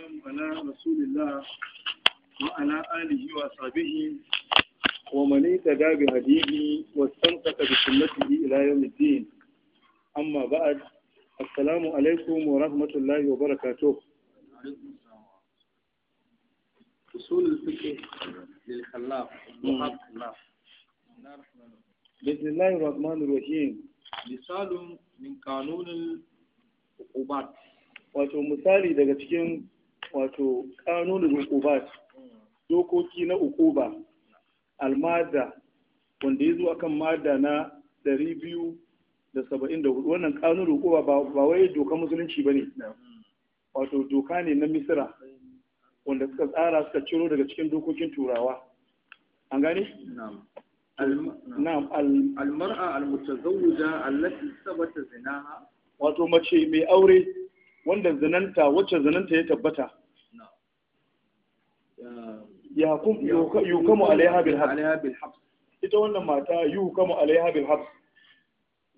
salamu ala rasulillah wa ala alihi wa sahbihi wa man ittaba bi hadihi wa santaka bi sunnatihi ila yawm din amma alaikum wa rahmatullahi wa barakatuh usul al-fiqh lil khallaf muhaddath بسم الله الرحمن الرحيم مثال من قانون العقوبات wato misali daga cikin wato kanunin ukubat dokoki na ukuba almada wanda ya zo akan mada na 274 wannan kanunin ukuba ba wai doka musulunci ba ne wato doka ne na misira wanda suka tsara suka ciro daga cikin dokokin turawa an gane? na'am almar'a almutazawwija allati sabata zinaha wato mace mai aure wanda zinanta wacce zinanta ya tabbata ya hukamu alaiha bil habs ita wannan mata yi hukamu alaiha bil habs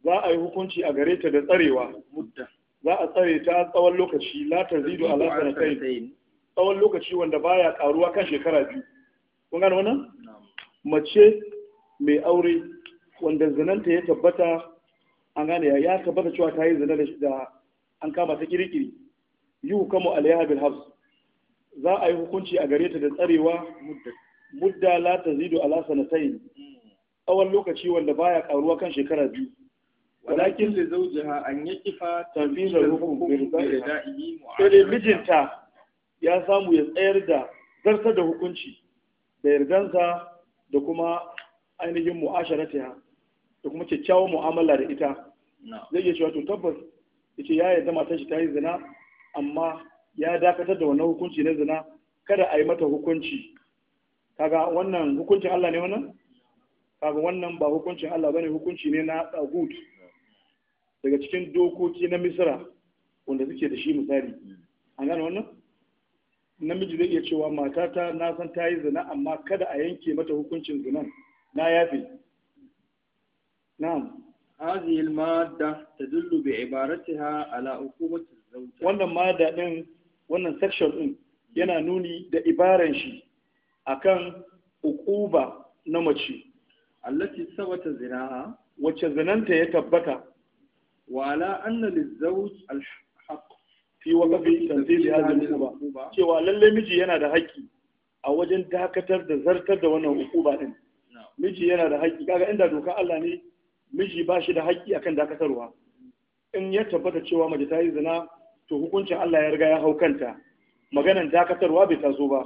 za a yi hukunci a gare ta da tsarewa za a tsare ta tsawon lokaci la tazidu ala sanatayn tsawon lokaci wanda baya karuwa kan shekara biyu kun gane wannan mace mai aure wanda zinanta ya tabbata an gane ya tabbata cewa ta yi zina da an kama ta kirkiri yi hukamu alaiha bil hafs za a yi hukunci a gare ta da tsarewa mudda la zido ala sanatai tsawon lokaci wanda baya karuwa kan shekara biyu walakin li zawjiha an kifa tanfidha hukum da rida'ihi mu'ayyana mijinta ya samu ya tsayar da zartar da hukunci da yardansa da kuma ainihin mu'asharatiya, da kuma kyakkyawan mu'amala da ita zai iya cewa to tabbas yace ya yarda matar shi ta yi zina amma ya dakatar da wannan hukunci na zina kada a yi mata hukunci kaga wannan hukuncin Allah ne wannan kaga wannan ba hukuncin Allah bane hukunci ne na tagut daga cikin dokoki na Misra wanda suke da shi misali an gane wannan namiji zai iya cewa matata na san ta yi zina amma kada a yanke mata hukuncin zinan na yafe na'am هذه المادة تدل wannan mada wannan section din yana nuni da ibaran shi kan uquba na mace allati zinanta ya tabbata wa ala anna lizawj alhaq fi waqfi tanzil hadhihi al'uquba cewa lalle miji yana da haƙƙi a wajen dakatar da zartar da wannan uquba din miji yana da haƙƙi kaga inda doka Allah ne miji ba shi da haƙƙi akan dakatarwa in ya tabbata cewa mace ta yi zina to hukuncin Allah ya riga ya hau kanta maganar dakatarwa bai taso ba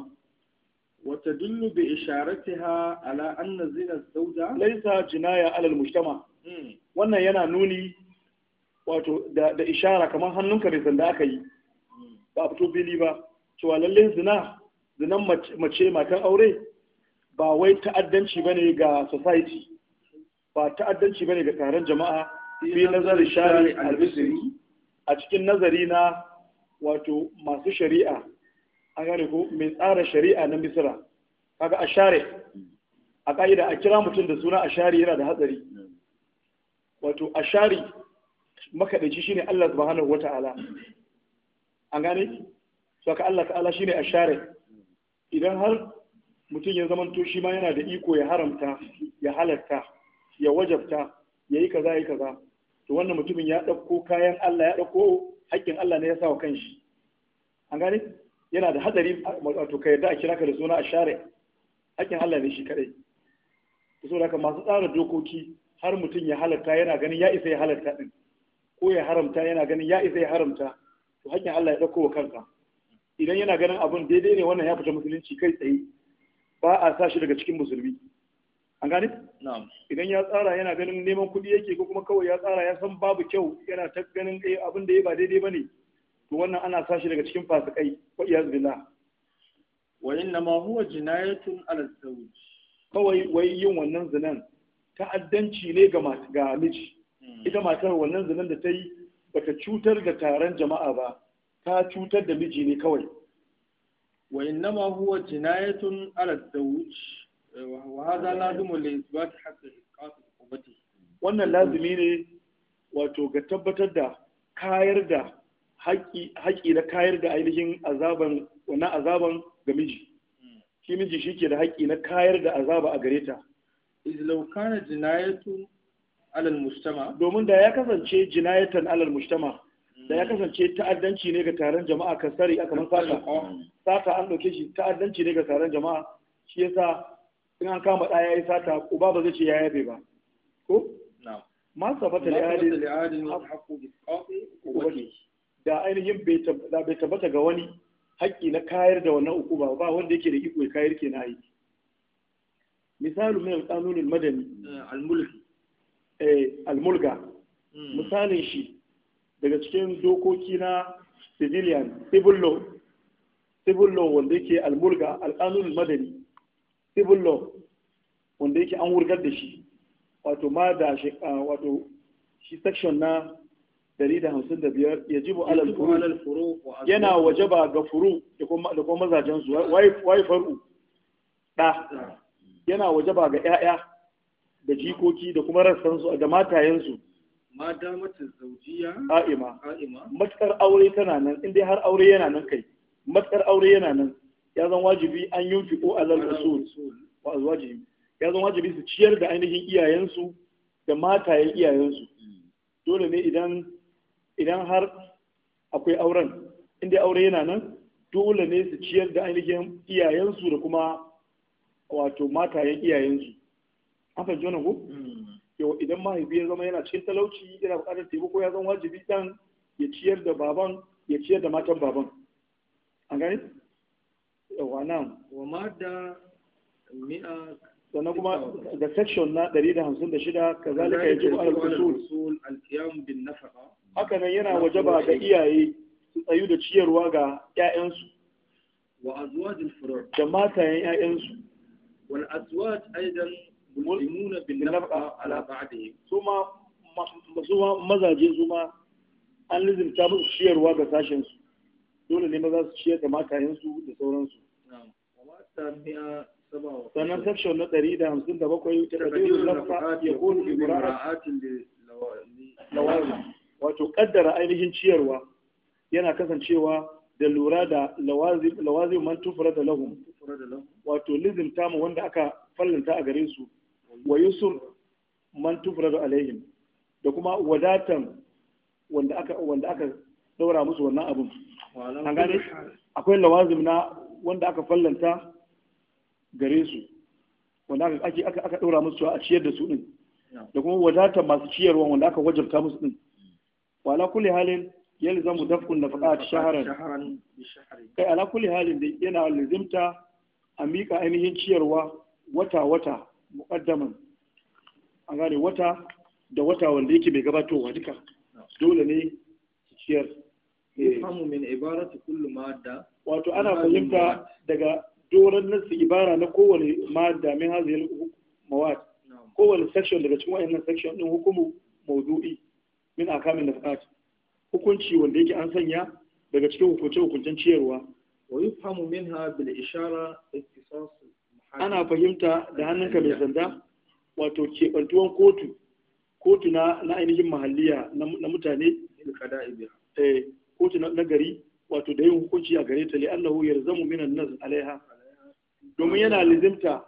wata dillu bi isharatiha ala anna zina zauja laisa jinaya alal mujtama hmm. wannan yana nuni wato da ishara kamar hannunka mai sanda aka yi ba fito bili ba cewa lalle zina zinan mace matan aure ba wai ta'addanci bane ga society ba ta'addanci bane ga taron jama'a fi nazari shari al-bisri a cikin nazari na wato masu shari'a an gane ko mai tsara shari'a na misra kaga ashare a ka'ida a kira mutum da suna ashari yana da hatsari wato ashari makadaci shine Allah subhanahu wata'ala an gane so ka Allah ta'ala shine ashare idan har mutum ya zamanto shi ma yana da iko ya haramta ya halatta. ya wajabta ya yi kaza ya yi kaza to wannan mutumin ya ɗauko kayan Allah ya ɗauko haƙƙin Allah ne ya sa wa kanshi an gane yana da hadari wato ka yarda a kira ka da suna a share haƙƙin Allah ne shi kadai to saboda haka masu tsara dokoki har mutum ya halatta yana ganin ya isa ya halatta din ko ya haramta yana ganin ya isa ya haramta to haƙƙin Allah ya ɗauko wa kanka idan yana ganin abun daidai ne wannan ya fita musulunci kai tsaye ba a sa shi daga cikin musulmi an gane idan ya tsara yana ganin neman kuɗi yake ko kuma kawai ya tsara ya san babu kyau yana ta ganin eh, abin da ya ba daidai ba ne to wannan ana sashi daga cikin fasikai wa iyaz billah wa inna ma huwa jinayatun ala kawai wai yin wannan zinan ta'addanci ne ga miji hmm. ita matar wannan zinan da ta yi bata cutar da taron jama'a ba ta cutar da miji ne kawai wa inna ma huwa jinayatun ala wannan lazimi ne wato ga tabbatar da kayar da haƙi na kayar da ainihin azaban wannan azaban ga miji hmm. shi miji shi ke da haƙi na kayar da azaba a gare ta iz law alal mujtama domin da ya kasance jinayatan alal mujtama da ya hmm. kasance ta'addanci ne ga taron jama'a kasari aka man sata oh. sata an dauke shi ta'addanci ne ga taron jama'a shi yasa in an kama ɗaya ya yi sata uba ba zai ce ya yabe ba ko ma sabata da adin da ainihin bai tabbata ga wani haƙƙi na kayar da wannan uku ba ba wanda yake da iko ya kayar ke na aiki misalin mai tsanunin madani eh, eh, almulga hmm. misalin shi daga cikin dokoki na civilian civil law civil law wanda yake almulga al'anunin madani civil law wanda yake an wurgar da shi wato ma da wato shi section na 155 yajibu alal furu yana wajaba ga furu da kuma mazajen su wai faru da yana wajaba ga 'ya'ya da jikoki da kuma rassansu da matayen su ma damatin zaujiya a'ima matukar aure tana nan inda har aure yana nan kai matukar aure yana nan ya zan wajibi an yi yunfi ko alal rasul wa azwajihi ya zan wajibi su ciyar da ainihin iyayensu da matayen iyayensu dole ne idan idan har akwai auren inda aure yana nan dole ne su ciyar da ainihin iyayensu da kuma wato matayen iyayensu an fahimci wannan ko hmm. yau idan mahaifi ya zama yana cikin talauci yana buƙatar taimako ya zan wajibi dan ya ciyar da baban ya ciyar da matan baban an gani yawa nan wa madda mi'a sannan kuma da section na 156 kazalika yajibu ala al-usul al-qiyam bin nafaqa haka nan yana wajaba ga iyaye su tsayu da ciyarwa ga ƴaƴansu wa azwajil furu' da matayen ƴaƴansu wal azwaj aidan mulmuna bin nafaqa ala ba'dihim suma mazaje suma an lizimta musu ciyarwa ga sashen su dole ne maza su ciyar da matayen su da sauransu sannan section na ɗari da hamsin da bakwai ta da lafa ya kone imurara wato ƙaddara ainihin ciyarwa yana kasancewa da lura da lawazin man tufura da lahum wato lizimta mu wanda aka fallanta a gare su wa yusur man tufura da alaihim da kuma wadatan wanda aka wanda aka daura musu wannan abun an gane akwai lawazim na wanda aka fallanta gare su wanda ake aka aka ɗora musu a ciyar da su din da kuma wadata masu ciyarwa wanda aka wajabta musu din wala kulli halin yalzamu dafqun nafaqat shahran kai ala kulli halin dai yana lazimta a mika ainihin ciyarwa wata wata muqaddaman an gane wata da wata wanda yake bai gabatowa duka dole ne ciyar. Fahimu eh. min ibaratu kullu madda. Wato ana fahimta daga doron nasu ibara na kowane mada min hazil mawad kowane section daga cikin wayannan section din hukumu mawdu'i min akamin nafaqat hukunci wanda yake an sanya daga cikin hukunce hukuncen ciyarwa wa yufhamu minha bil ishara ikhtisas ana fahimta da hannunka mai sanda wato kebantuwan kotu kotu na na ainihin mahalliya na mutane eh, kotu na gari wato da yin hukunci a gare ta li annahu yarzamu minan nas alaiha domin yana lizimta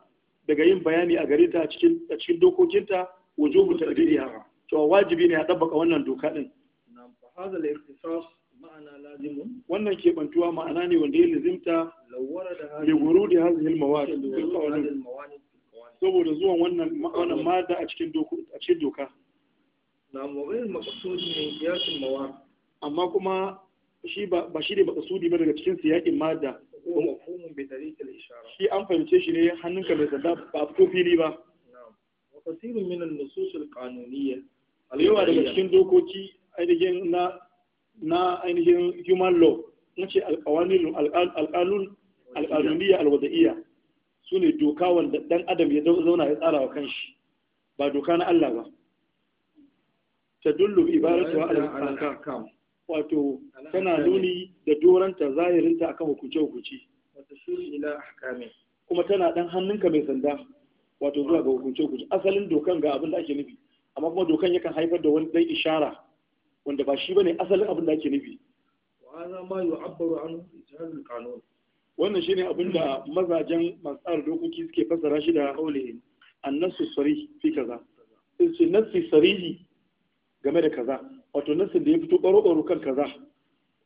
daga yin bayani a gare ta a cikin dokokinta wujubu tadbi'iha to wajibi ne a dabbaka wannan doka din nan fa hadha al-ikhtisas ma'ana wannan ke bantuwa ma'ana ne wanda ya lizimta li wurudi hadhihi al-mawad saboda zuwan wannan ma'ana mada a cikin doka a cikin doka nan wa ghayr maqsud min qiyas al amma kuma shi ba shi ne maqsudi ba daga cikin siyakin mada shi an fahimce shi ne hannunka mai sanda ba fito fili ba na'am min an-nusus al yawa daga cikin dokoki ainihin na na ainihin human law nace al-qawanil al-qanun al-qanuniyya al sune doka wanda dan adam ya zauna ya tsara wa kanshi ba doka na Allah ba tadullu ibaratu ala al-ahkam wato tana nuni da doranta zahirinta akan hukunce hukunci kuma tana dan hannunka mai sanda wato zuwa ga hukunce hukunci asalin dokan ga abin da ake nufi amma kuma dokan yakan haifar da wani dan ishara wanda ba shi bane asalin abin da ake nufi wannan shine abin da mazajen masu tsara dokoki suke fassara shi da kaulihin annasu sarihi fi kaza sai ce sarihi game da kaza wato nasin da ya fito ƙwaro-ƙwaro kan kaza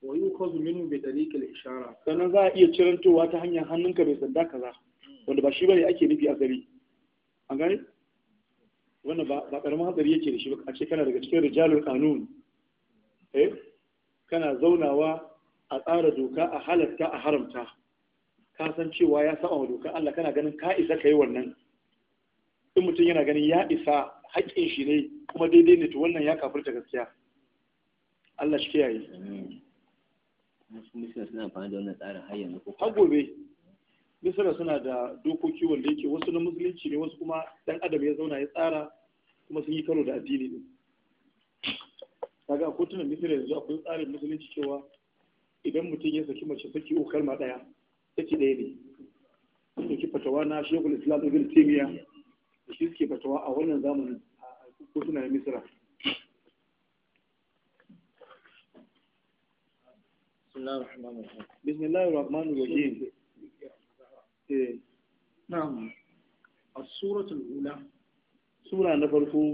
wa yi kwazu minu bai tariƙi ishara sannan za a iya cirantowa ta hanyar hannunka bai sanda kaza wanda ba shi bane ake nufi a gari an gani? wannan ba karamin hatsari yake da shi ba a ce kana daga cikin rijalul kanun eh kana zaunawa a tsara doka a halatta a haramta ka san cewa ya saba wa doka Allah kana ganin ka isa kai wannan in mutum yana ganin ya isa haƙƙin shi ne kuma daidai ne to wannan ya kafirta gaskiya Allah shi kiyaye Musulmi suna amfani da wannan tsarin har yanzu ko gobe misira suna da dokoki wanda yake wasu na musulunci ne wasu kuma dan adam ya zauna ya tsara kuma sun yi karo da addini ne kaga a kotunan misira yanzu akwai tsarin musulunci cewa idan mutum ya saki mace saki uku kalma daya saki daya ne sun saki fatawa na shekul islam ibn taymiya shi suke fatawa a wannan zamanin a kotunan misira bismillahir rahmanir rahim eh, na'am as-suratul ula sura na farko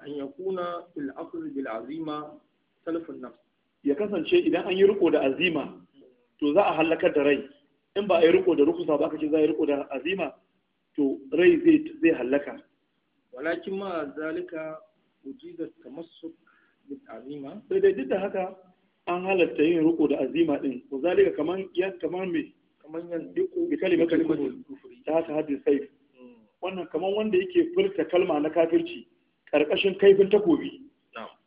an yakuna fil asl bil azima salafun ya kasance idan anyi yi riko da azima to za a halakar da rai in ba a yi riko da rukusa ba aka ce za a yi riko da azima to rai zai ma zalika ujida tamassuk azima sai dai duk da haka an halatta yin ruku da azima din ko zalika kaman yan kaman me kaman yan duku bi kalima kalima ta haka hadin saif hmm. wannan kaman wanda yake furta kalma na kafirci karkashin kaifin takobi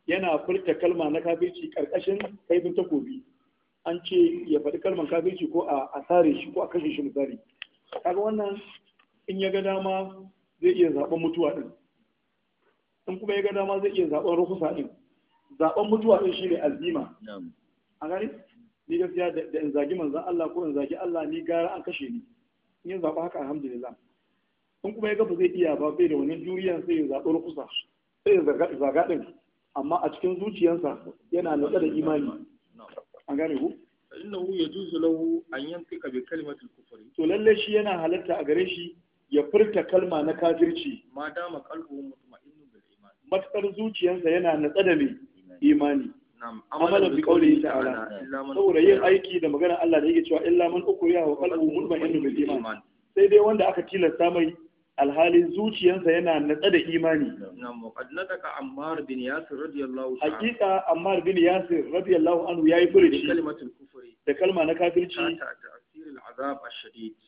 yana furta kalma na kafirci karkashin kaifin takobi an ce ya faɗi kalman kafirci ko a asare shi ko a kashe shi misali kaga wannan in ya ga dama zai iya zaɓen mutuwa din in kuma ya ga dama zai iya zaɓen rukusa din zaɓen mutuwa shi ne azima a gani ni gaskiya da in zagi manzan Allah ko in zagi Allah ni gara an kashe ni in yi zaɓa haka alhamdulillah in kuma ya ga zai iya ba bai da wani juriya sai ya zaɓi rukusa sai ya zaga ɗin amma a cikin zuciyarsa yana nutsa da imani an gane ku innahu yajuzu lahu an yantika bi kalimatil kufri to lalle shi yana halatta a gare shi ya furta kalma na kafirci ma dama qalbuhu mutma'innun bil iman matakar zuciyarsa yana nutsa da me imani amalan bi qawlihi ta'ala saboda yin aiki da magana Allah da yake cewa illa man ukriya wa qalbuhu mutma'innun bil iman sai dai wanda aka tilasta mai alhalin zuciyarsa yana natsa da imani ammar bin yasir radiyallahu ta'ala hakika ammar bin yasir radiyallahu anhu yayi furuci kalmatul kufri da kalma na kafirci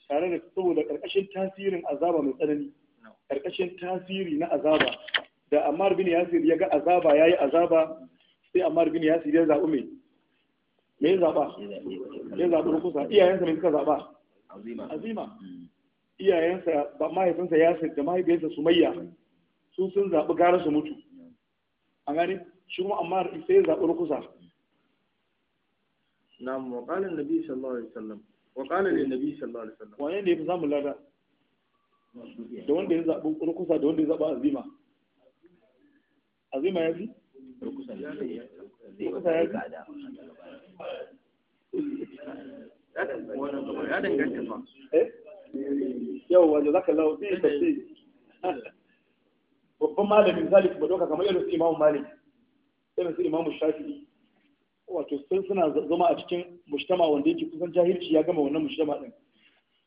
tare da saboda karkashin tasirin azaba mai tsanani karkashin tasiri na azaba da ammar bin yasir ya ga azaba yayi azaba sai amma bin ya siriyar zaɓi mai me ya zaɓa ya zaɓi rukunsa iyayensa mai suka zaɓa azima hmm. iyayensa ba mahaifinsa yasir da mahaifiyarsa sumayya su sun zaɓi gara su mutu a gani shi kuma amma sai ya zaɓi rukusa. na muƙalin nabi sallallahu alaihi wasallam waƙalin da nabi sallallahu alaihi wasallam wane ne ya fi samun lada da wanda ya zaɓi rukusa da wanda ya zaɓa azima azima ya fi ya yau wanda zaka lau sai ka ce babban malamin zalik ba doka kamar irin su imamu malik irin su imamu Shafi. wato sun suna zama a cikin mushtama wanda yake kusan jahilci ya gama wannan mujtama din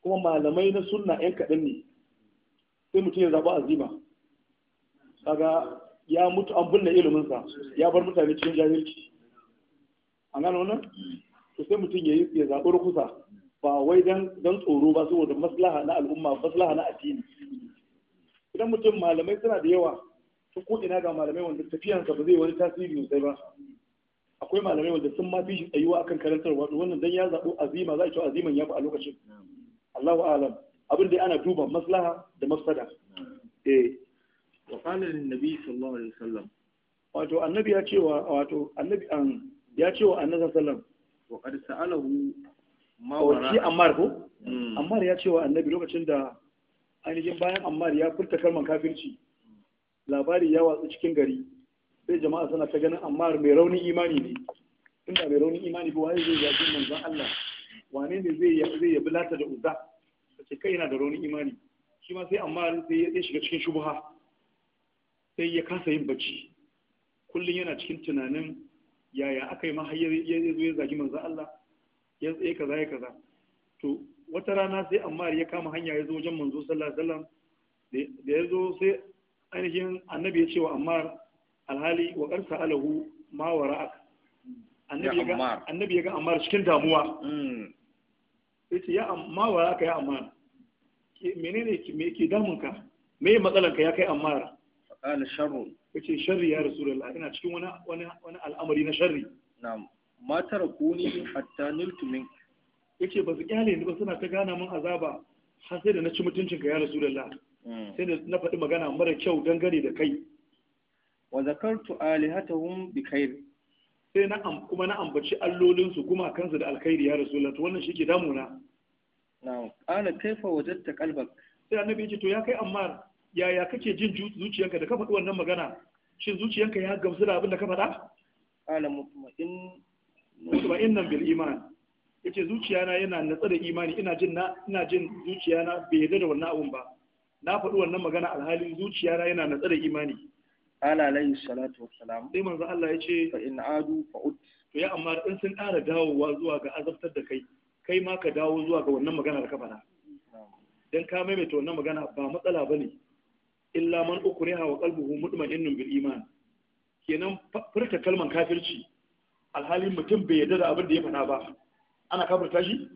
kuma malamai na sunna yan kaɗan ne sai mutum ya zaɓi azima kaga ya mutu an binne iliminsa ya bar mutane cikin jahilci an gano wannan to sai mutum ya ya zaɓi rukusa ba wai dan tsoro ba saboda maslaha na al'umma maslaha na addini idan mutum malamai suna da yawa to ko ina ga malamai wanda tafiyansa ba zai wani tasiri sosai ba akwai malamai wanda sun ma fi shi tsayuwa akan karantarwa to wannan dan ya zaɓi azima za a ce aziman ya fi a lokacin Allahu a'lam abin da ana duba maslaha da mafsada eh wa qala lin nabi sallallahu alaihi wasallam wato annabi ya cewa wato annabi an ya cewa annabi sallallahu wa qad sa'alahu ma wara shi ammar ko hmm. ammar ya cewa annabi lokacin da ainihin bayan ammar ya furta kalmar kafirci labari ya watsu cikin gari sai jama'a suna ta ganin ammar mai raunin imani ne inda mai raunin imani ba wani zai yaƙi manzon Allah wane ne zai zai yabi lata da uzza kace kai yana da raunin imani shi ma sai ammar sai ya shiga cikin shubha sai ya kasa yin bacci kullum yana cikin tunanin yaya aka yi ma har ya zo ya zagi manzan Allah ya tsaye kaza ya kaza to wata rana sai Ammar ya kama hanya ya zo wajen manzo sallallahu alaihi wasallam da ya zo sai ainihin annabi ya ce wa Ammar alhali wa qarsa alahu ma wara'ak annabi ya ga annabi ya ga Ammar cikin damuwa sai mm. ce ya amma wara'aka ya Ammar menene me ke damunka me matsalanka ya kai Ammar qala sharru yace sharri ya rasulullah ina cikin wani wani wani al'amari na sharri na'am ma tarakuni hatta niltu min yace ba su kyale ni ba suna ta gana min azaba har sai da na ci mutuncin ka ya rasulullah sai da na faɗi magana mara kyau dangane da kai wa zakartu alihatahum bi khair sai na kuma na ambaci allolinsu kuma kansu da alkhairi ya rasulullah to wannan ke damuna na'am ana kaifa wajatta qalbak sai annabi yace ce to ya kai ammar yaya kake jin zuciyanka da ka faɗi wannan magana shin zuciyanka ya gamsu da abin da ka faɗa ala mutma'in nan bil iman yace zuciyana yana natsa da imani ina jin na ina jin zuciyana bai yarda da wannan abun ba na faɗi wannan magana alhalin zuciyana yana natsa da imani ala alayhi salatu wassalam sai manzo Allah yace fa in adu fa ut to ya amma in sun ƙara dawowa zuwa ga azabtar da kai kai ma ka dawo zuwa ga wannan magana da ka faɗa dan ka maimaita wannan magana ba matsala bane illa man ukriha wa qalbuhu mutma'innun bil iman kenan furta kalman kafirci alhalin mutum bai yarda da abin da ya faɗa ba ana kafirta shi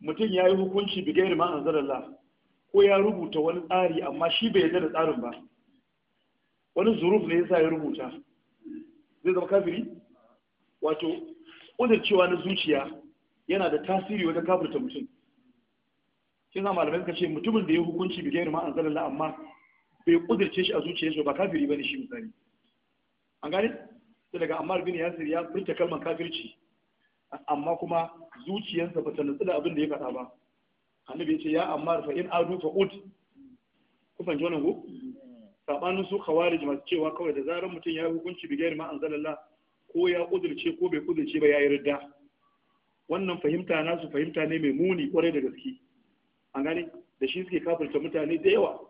mutum ya yi hukunci bi gairi ma anzalallah ko ya rubuta wani tsari amma shi bai yarda da tsarin ba wani zuruf ne yasa ya rubuta zai zama kafiri wato cewa na zuciya yana da tasiri wajen kafirta mutum shi na malamai suka ce mutumin da ya hukunci bi gairu ma'an zalala amma bai kudirce shi a zuciyarsa ba kafiri ne shi misali an gane sai daga Albini bin Yasir ya furta kalmar kafirci amma kuma zuciyarsa ba ta nutsu da abin da ya faɗa ba annabi ya ce ya amma fa in adu fa ud ku fahimci wannan ko sabanin su khawarij masu cewa kawai da zarar mutum ya hukunci bi gairu ma'an zalala ko ya kudirce ko bai kudirce ba ya yi ridda wannan fahimta nasu fahimta ne mai muni kwarai da gaske an gani da shi suke kafirta mutane da yawa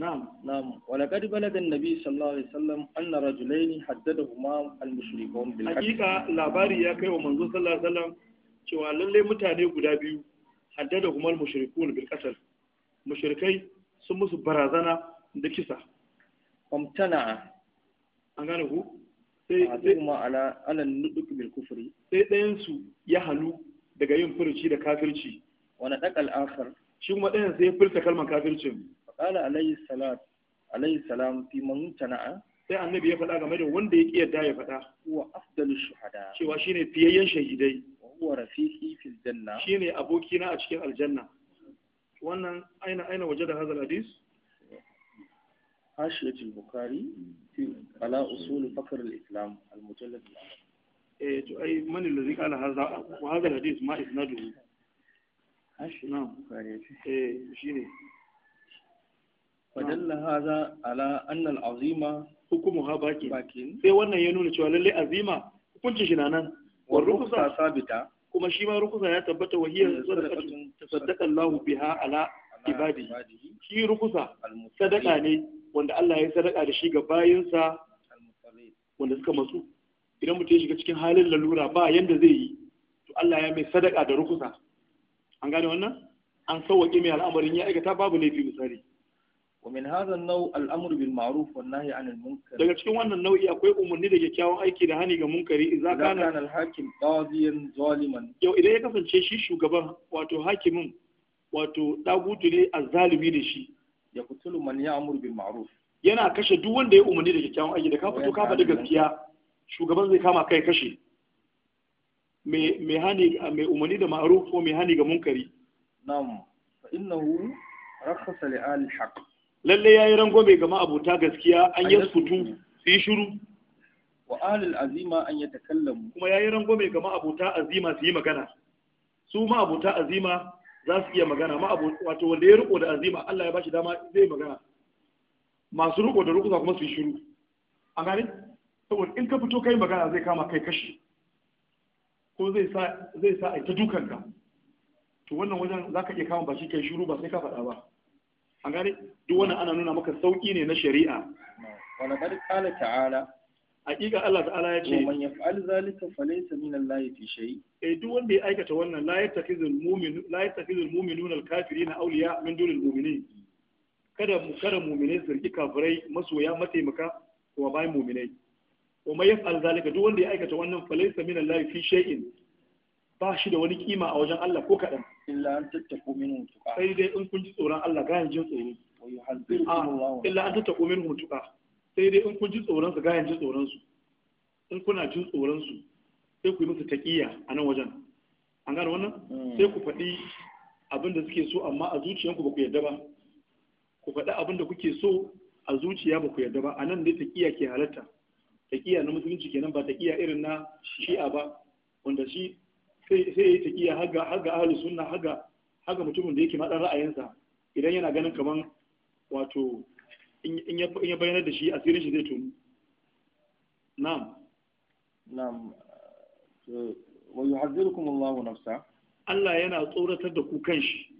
na'am na'am wala kadi baladan nabi sallallahu alaihi wasallam anna rajulaini haddadahuma al-mushrikun bil haqiqa labari ya kai wa manzo sallallahu alaihi wasallam cewa lalle mutane guda biyu haddadahuma al-mushrikun bil qatl mushrikai sun musu barazana da kisa amtana an gane ku sai kuma ala ala nuduk bil kufri sai dayan ya halu daga yin furuci da kafirci wani dakal akhar shi kuma ɗayan sai furta kalmar kafircin faqala alayhi salat alayhi salam fi man tana'a sai annabi ya faɗa game da wanda ya ƙi yadda ya faɗa huwa afdalu shuhada cewa shine fiyayyen shahidai wa huwa rafiqi fil janna shine abokina a cikin aljanna wannan aina aina waje da hadal hadis hashiyat al-bukhari ala usul fakr al-islam al-mujallad al-awwal eh to ai man alladhi qala hadha wa hadha ma isnaduhu shine eh, fadalla haza ala annal azima hukumuha bakin sai wannan ya nuna cewa lalle azima hukuncin shi na nan wa rukusa sabita kuma shi ma rukusa ya tabbata wa hiya eh, sadaqatun tasaddaqa Allah biha ala ibadi shi rukusa sadaka ne wanda Allah ya sadaka da shi ga bayinsa wanda suka matsu idan mutum ya shiga cikin halin lalura ba yanda zai yi to Allah ya mai sadaka da rukusa an gane wannan an sauwaƙe mai al'amarin ya aikata babu laifi misali ومن هذا النوع الامر بالمعروف والنهي عن المنكر daga cikin wannan nau'i akwai umarni da kyakkyawan aiki da hani ga munkari idan kana kana al-hakim qadiyan zaliman yau idan ya kasance shi shugaban wato hakimin wato dagutule ne azzalimi ne shi ya kutulu man ya'muru bil ma'ruf yana kashe duk wanda ya umarni da kyakkyawan aiki da ka fito ka faɗi gaskiya shugaban zai kama kai kashe mai hani mai umarni da ma'aruf ko mai hani ga munkari na'am fa innahu rakhasa li al haqq lalle yayi rangwame ga abuta gaskiya an yasfutu su yi shiru wa ahlul azima an yatakallamu kuma yayi rangwame ga abuta azima su yi magana su abuta azima za su iya magana ma'abuta wato wanda ya riko da azima Allah ya bashi dama zai magana masu riko da rukuza kuma su yi shiru a gane saboda in ka fito kai magana zai kama kai kashi ko zai sa a yi ta dukanka to wannan wajen za ka iya kama ba shi kai shiru ba sai ka faɗa ba an gane duk wannan ana nuna maka sauƙi ne na shari'a wala qad kala ta'ala haƙiƙa Allah ta'ala ya ce man yaf'al zalika falaysa min Allah fi shay eh duk wanda ya aikata wannan la yattakhizul mu'minu la yattakhizul mu'minuna al-kafirina awliya min dunil mu'minin kada mu kada mu'minai su kafirai masoya mataimaka wa bayan mu'minai wa mai yaf'al zalika duk wanda ya aikata wannan falaysa min Allah fi shay'in ba shi da wani kima a wajen Allah ko kadan illa an tattaku minhu tuqa sai dai in kun ji tsoron Allah ga jin tsoro ah, illa an tattaku minhu tuqa sai dai in kun ji tsoron su ga jin tsoron su in kuna jin tsoron su sai ku yi musu taqiya a nan wajen an gane wannan hmm. sai ku faɗi abin da suke so amma a zuciyanku ba ku yarda ba ku faɗi abin da kuke so a zuciya ba ku yarda ba a nan dai taqiya ke halatta Taƙiya na musulunci kenan ba taƙiya irin na shi'a ba wanda shi sai ya yayi taqiya haga haga ahli sunna haga haga mutumin da yake madan ra'ayinsa idan yana ganin kaman wato in ya bayyana da shi asirin shi zai tuni. na'am na'am wa yuhadhirukum Allahu nafsa Allah yana tsoratar da ku kanshi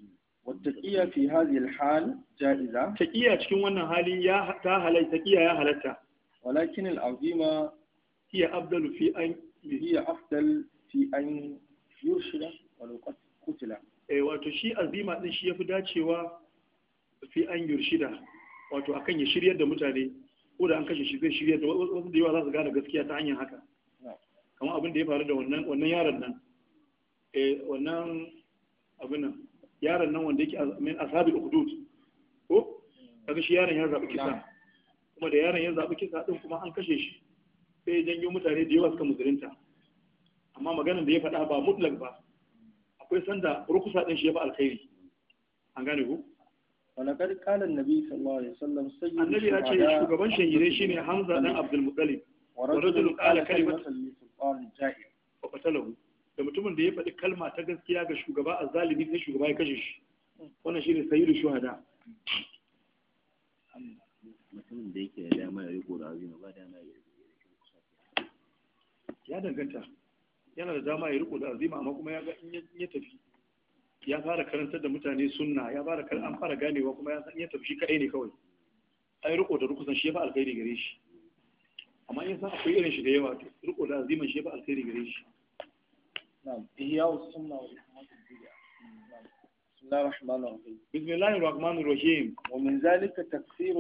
والتقية في هذه الحال جائزة تقية cikin wannan hali ya ta halatta taqiya ya halatta walakin al'azima hiya abdalu fi an hiya afdal fi an yushra wato shi azima din shi yafi dacewa fi an yurshida wato akan ya shiryar da mutane ko da an kashe shi zai shiryar da wasu da yawa za su gane gaskiya ta hanyar haka kamar abin da ya faru da wannan yaron nan wannan abin nan yaron nan wanda yake min ashabil ukhdud ko kaga shi yaron ya zabi kisa kuma da yaron ya zaɓi kisa ɗin kuma an kashe shi sai ya janyo mutane da yawa suka musulunta amma maganin da ya faɗa ba mutlak ba akwai sanda rukusa ɗin shi ya fi alkhairi an gane ku walakar kalan nabi sallallahu alaihi wasallam sayyidu annabi ya ce shugaban shahire shine hamza dan abdul muttalib wa rajulun qala kalimatan sultan jahil da mutumin da ya faɗi kalma ta gaskiya ga shugaba azzalimi sai shugaba ya kashe shi wannan shine sayyidu shuhada ya danganta yana da dama ya riko da azima amma kuma ya ga in ya tafi ya fara karantar da mutane sunna ya fara kar an fara ganewa kuma ya san ya tafi shi kadai ne kawai ai riko da rukusan shi ya fa alkhairi gare shi amma in san akwai irin shi da yawa to riko da azima shi ya fa alkhairi gare shi na'am ihya sunna wa بسم الله الرحمن الرحيم بسم الله الرحمن الرحيم ومن ذلك تكثير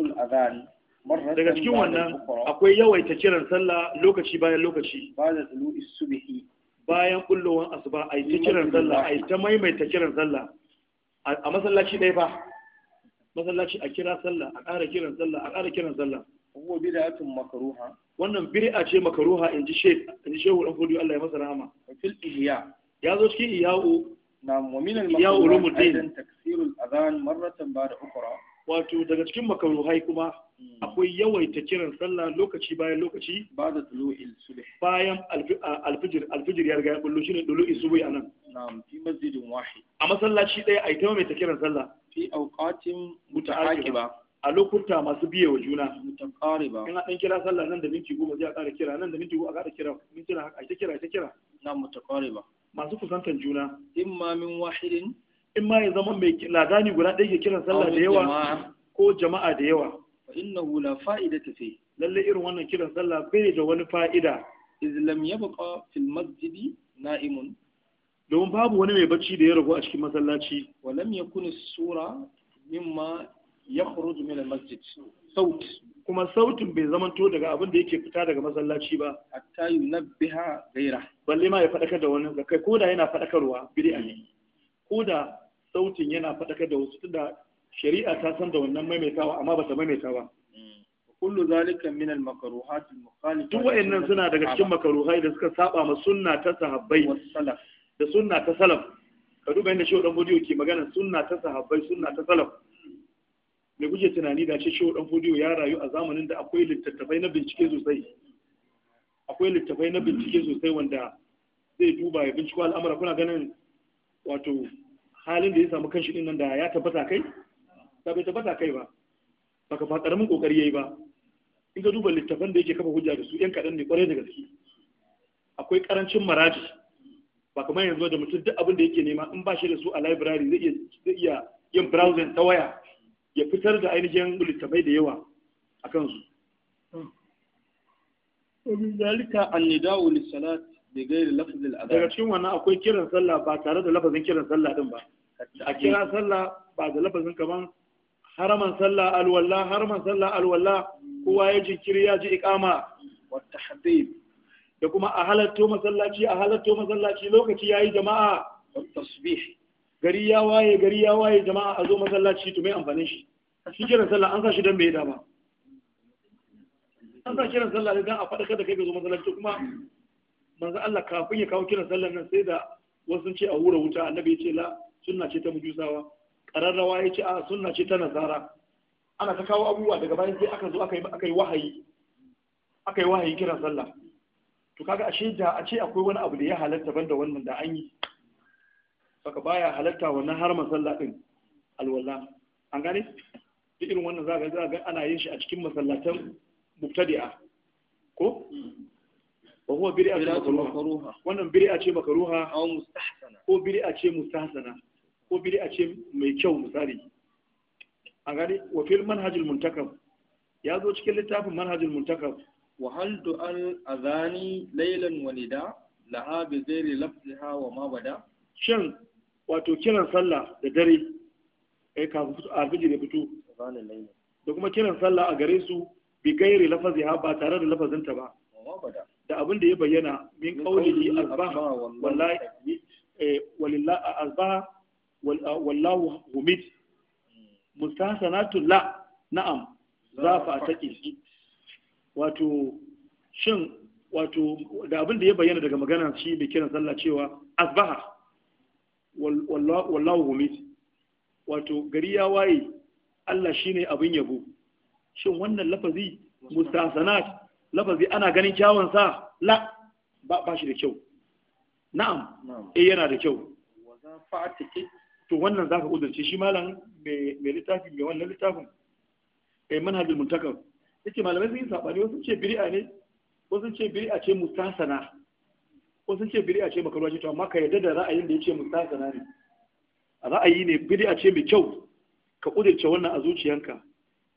daga cikin wannan akwai yawaita kiran sallah lokaci bayan lokaci bayan kullowan asuba a yi ta kiran sallah a yi ta maimaita kiran sallah a masallaci ɗaya ba masallaci a kira sallah a ƙara kiran sallah a ƙara kiran sallah huwa bid'atun makruha wannan bid'a ce makruha inji ji inji shehu dan fodi Allah ya masa rahama fil ihya ya zo cikin ihya'u na mu'min al-makruha aidan taksirul adhan marratan ba'da ukura. wato daga cikin makaruhai kuma hmm. akwai yawaita kiran sallah lokaci bayan lokaci ba'da tulu'il subh bayan alfijir alfijir ya riga ya bullo shine dulu isubi anan na'am fi masjidin wahid a masallaci ɗaya a ta mai ta kiran sallah fi awqatin mutaqariba a lokuta masu biye wa juna mutaqariba in dan kira sallah nan da minti goma zai a ƙara kira nan da minti goma a ƙara kira minti na haka a ta kira a ta kira na'am mutaqariba masu kusantan juna imma min wahidin in ma ya zama mai ladani guda ɗaya ke kiran sallah da yawa ko jama'a da yawa fa hula la ta fi lalle irin wannan kiran sallah bai da wani fa'ida iz ya yabqa fil masjidi na'imun domin babu wani mai bacci da ya ragu a cikin masallaci wa lam yakun sura mimma yakhruju min al masjid saut kuma sautin bai zamanto daga abin da yake fita daga masallaci ba hatta yunabbiha gaira balle ma ya fadakar da wani kai koda yana fadakarwa bid'a ne koda sautin yana fadakar da wasu tunda shari'a ta san da wannan maimaitawa amma ba ta maimaita ba kullu zalika min al makruhat al mukhalifa duk wayannan suna daga cikin makruhai da suka saba ma sunna ta sahabbai da sunna ta salaf ka duba inda shehu dan bodiyo ke magana sunna ta sahabbai sunna ta salaf me kuke tunani da ce shehu dan bodiyo ya rayu a zamanin da akwai littattafai na bincike sosai akwai littattafai na bincike sosai wanda zai duba ya binciko al'amura kuna ganin wato halin da ya samu kanshi din nan da ya tabbata kai ba bai tabbata kai ba baka fa karamin kokari yayi ba in ka duba littafan da yake kafa hujja da su yan kadan ne kwarai da gaske akwai karancin maraji ba kamar yanzu da mutum duk abin da yake nema in ba shi da su a library zai iya zai iya yin browsing ta waya ya fitar da ainihin littafai da yawa a kansu zalika annida'u lis-salat bi ghairi lafz al-adhan daga cikin wannan akwai kiran sallah ba tare da lafazin kiran sallah din ba a kira sallah ba da lafazin kaman haraman sallah alwala haraman sallah alwala kowa ya kiri ya ji ikama wa tahdib da kuma a halatto masallaci a halatto masallaci lokaci yayi jama'a wa tasbih gari ya waye gari ya waye jama'a a zo masallaci to mai amfanin shi shi kira sallah an sa shi dan bai da ba an sa kiran sallah ne dan a faɗaka da kai ga zo masallaci kuma manzo Allah kafin ya kawo kiran sallah nan sai da wasu ce a hura wuta annabi ya ce la sunna ce ta mujusawa ƙararrawa ya ce a sunna ce ta nazara ana ta kawo abubuwa daga bayan sai aka zo aka yi wahayi aka yi wahayi kiran sallah to kaga a da a ce akwai wani abu da ya halatta banda wannan da an yi saka baya halatta wannan har masallah din alwala an gane duk irin wannan zaka ga ga ana yin shi a cikin masallatan mubtadi'a ko wa huwa bid'a makruha wannan bir'a ce makruha aw mustahsana ko bir'a ce mustahsana ko a ce mai kyau misali a gani wa fil manhajul muntakab ya zo cikin littafin manhajul muntakab wa hal du'al azani laylan wa nida laha bi zairi lafziha wa ma bada shin wato kiran sallah da dare eh kafin fito alfiji da fito da kuma kiran sallah a gare su bi gairi lafziha ba tare da ta ba da abin da ya bayyana min qawlihi asbaha wallahi eh, walillahi asbaha Ah, wallahu humid mustasanatu la na'am za a ataki wato shin wato da abin da ya bayyana daga magana shi mai kiran sallah cewa asbaha wallahu humid wato gari ya waye Allah shine abin yabo shin wannan lafazi mustasanat lafazi ana ganin kyawun sa la ba shi da kyau na'am eh yana da kyau wa za to wannan zaka kudurce shi malam mai littafin mai wannan littafin eh manhajin muntakar ce malamai sun yi sabani wasu ce biri'a ne wasu ce biri'a ce mustasana wasu ce biri'a ce makarwa ce to amma ka yarda da ra'ayin da ya ce mustasana ne ra'ayi ne biri'a ce mai kyau ka kudurce wannan a zuciyanka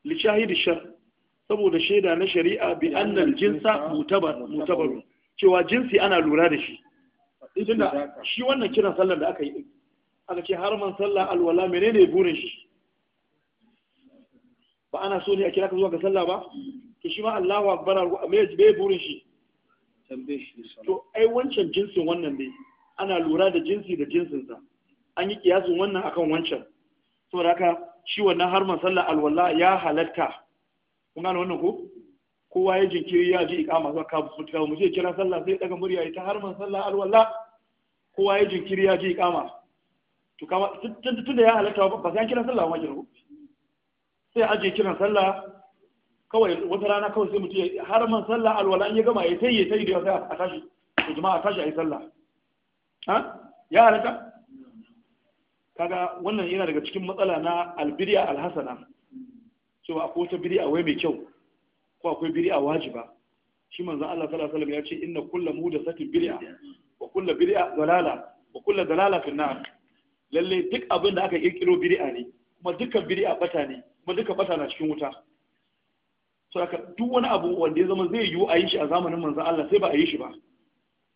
li shahidi shar saboda shaida na shari'a bi annal jinsa mutabar mutabaru cewa jinsi ana lura da shi tunda shi wannan kiran sallar da aka yi aka ce man sallah alwala menene burin shi ba ana so ne a kira ka zuwa ga sallah ba to shi ma Allahu akbar me bai burin shi to ai wancan jinsin wannan ne ana lura da jinsi da jinsinsa an yi kiyasin wannan akan wancan saboda haka shi wannan harman sallah alwala ya halatta kun gane wannan ko kowa ya jinkiri ya ji ikama zuwa kafin mu je kira sallah sai daga murya ita harman sallah alwala kowa ya jinkiri ya ji ikama tun da ya halatta ba sai an kiran sallah ma kiran sai aje kiran sallah kawai wata rana kawai sai mutum ya har man sallah alwala in ya gama ya sai ya sai da sai a tashi to jama'a tashi ayi sallah ha ya halatta kaga wannan yana daga cikin matsala na albiriya alhasana cewa akwai wata a wai mai kyau ko akwai biri a wajiba shi manzo Allah sallallahu alaihi wasallam ya ce inna kullu mudasatin biri'a wa kullu biri'a dalala wa kullu dalala fi nar lalle duk abin da aka kirkiro bid'a ne kuma dukkan bid'a bata ne kuma dukkan bata na cikin wuta so duk wani abu wanda ya zama zai yiwu a yi shi a zamanin manzon Allah sai ba a yi shi ba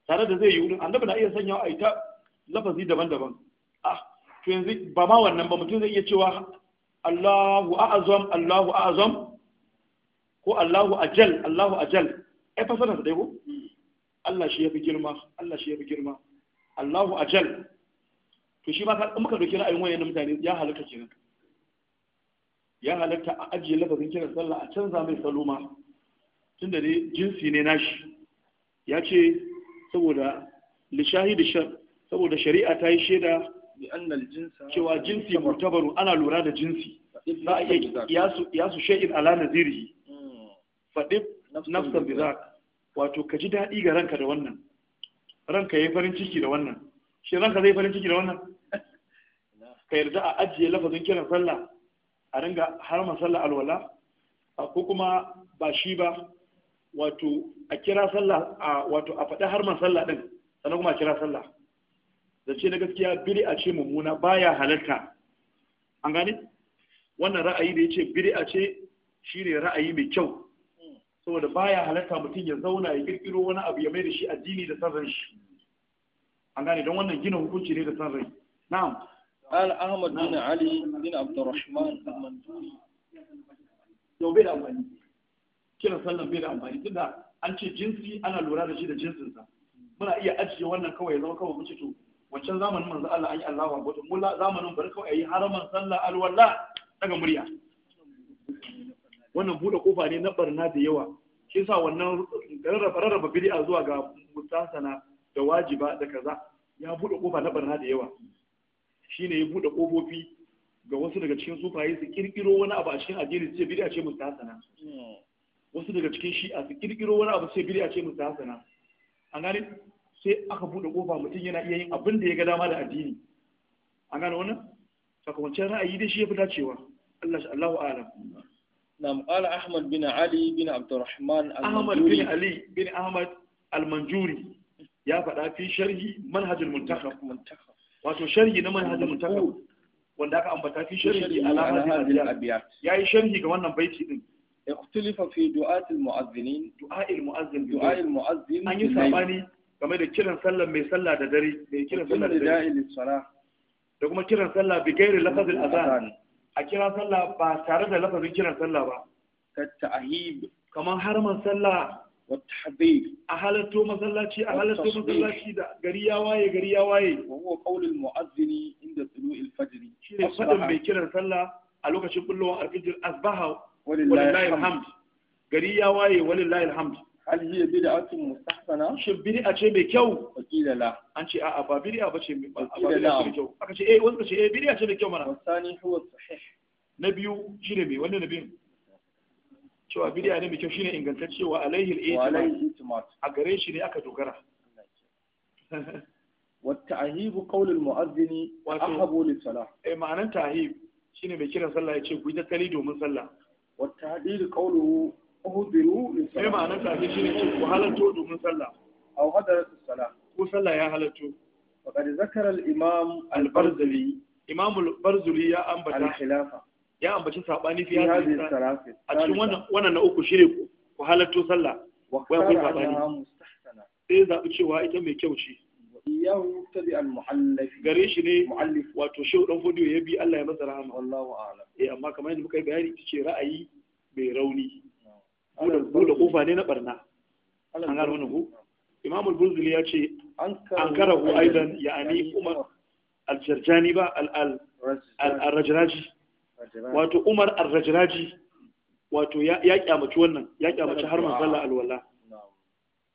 tare da zai yiwu din annabi na iya sanya a ita lafazi daban-daban ah to yanzu ba ma wannan ba mutum zai iya cewa Allahu a'azam Allahu a'azam ko Allahu ajal Allahu ajal ai fasara da dai ko hmm. Allah shi ya fi girma Allah shi ya fi girma Allahu ajal to shi ma in muka dauki ra'ayin wayannan mutane ya halatta kenan ya halatta a ajiye lafazin kiran sallah a canza mai salo ma tunda dai jinsi ne nashi ya ce saboda lishahi da shar saboda shari'a ta yi shaida cewa jinsi murtabaru ana lura da jinsi za a iya su sha'in ala nazirihi hmm. faɗi nafsar bizak wato ka ji daɗi ga ranka da wannan ranka ya yi farin ciki da wannan shi ranka zai farin ciki da wannan ka yarda a ajiye lafazin kiran sallah a ringa harma sallah alwala ko kuma ba shi ba wato a kira sallah a wato a faɗi harman sallah din sannan kuma a kira sallah zance na gaskiya bid'a ce mummuna baya halarta an gane wannan ra'ayi da yace bid'a ce shine ra'ayi mai kyau saboda baya halarta mutum ya zauna ya kirkiro wani abu ya mai da shi addini da san shi an gane don wannan gina hukunci ne da san rai na'am قال احمد بن علي بن عبد الرحمن المنصوري yau bai da amfani kiran sallan bai da amfani tunda an ce jinsi ana lura da shi da jinsinsa muna iya ajiye wannan kawai zama kawai mu to wancan zamanin manzo Allah ayi Allah wa akbar mu zamanin bar kawai yi haraman sallah alwala daga murya wannan bude kofa ne na barna da yawa shi yasa wannan rarraba bid'a zuwa ga mutasana da wajiba da kaza ya bude kofa na barna da yawa shine ya buɗe kobofi ga wasu daga cikin sufaye su kirkiro wani abu a cikin addini su ce bid'a ce hasana. wasu daga cikin shi'a su kirkiro wani abu sai bid'a ce hasana an gane sai aka buɗe kofa mutum yana iya yin abin da ya ga dama da addini an gane wannan sakamakon ra'ayi dai shi ya fi dacewa Allah shi Allahu a'lam na'am qala Ahmad bin Ali bin Abdurrahman al-Ahmad bin Ali bin Ahmad al-Manjuri ya faɗa fi sharhi manhajul muntakhab muntakhab wato sharhi na manhajul muntaka wanda aka ambata fi sharhi ala hadhihi al Ya yayi sharhi ga wannan baiti din اختلف في دعاء المؤذنين دعاء المؤذن دعاء المؤذن an yi sabani game da kiran sallar mai sallah da dare mai kiran sallah da dare da kuma kiran sallah bi gairi lafazin azan a kira sallah ba tare da lafazin kiran sallah ba ka ta'hib kamar harman sallah والتحذير أهلتو مسلاتي أهلتو مسلاتي دا غريا واي غريا واي وهو قول المؤذن عند طلوع الفجر فقدم بكرة صلى ألوك شبلو الفجر أصبح ولله الحمد غريا واي ولله الحمد هل هي بدعة مستحسنة؟ شو بدعة شيء بكيو؟ قيل لا أنت أبا بدعة بشيء قيل لا أكشي إيه وزكشي إيه بدعة شيء بكيو مرة والثاني هو الصحيح نبيو شنبي ولا نبيو cewa bid'a ne mai kyau shine ingantacce wa alaihi al a gare shi ne aka dogara wa ta'hibu qawl al-mu'adhdhin ahabu lis-salah eh ma'anar ta'hib shine mai kira sallah yace ku yi tattali domin sallah wa ta'dilu qawlu uhdiru lis-salah eh ma'anar ce ku halarto domin sallah aw hadarat as-salah ku sallah ya halarto wa qad imam al-barzali ya ambata al-khilafa ya ambaci sabani fi hadhihi salati a cikin wannan wannan na uku shine ku halatto sallah wa ku sabani sai zabi cewa ita mai kyau ce iyahu tabi al muallif gare shi ne muallif wato shehu dan fodiyo ya bi Allah ya masa rahama wallahu a'lam eh amma kamar yadda muka yi bayani ce ra'ayi mai rauni da kofa ne na barna an gano wannan ko imam al-burzili ya ce an karahu aidan ya'ani umar al-jarjani ba al-rajraji wato Umar arrajiraji rajraji wato ya kyamaci wannan ya kyamaci har man sallah alwala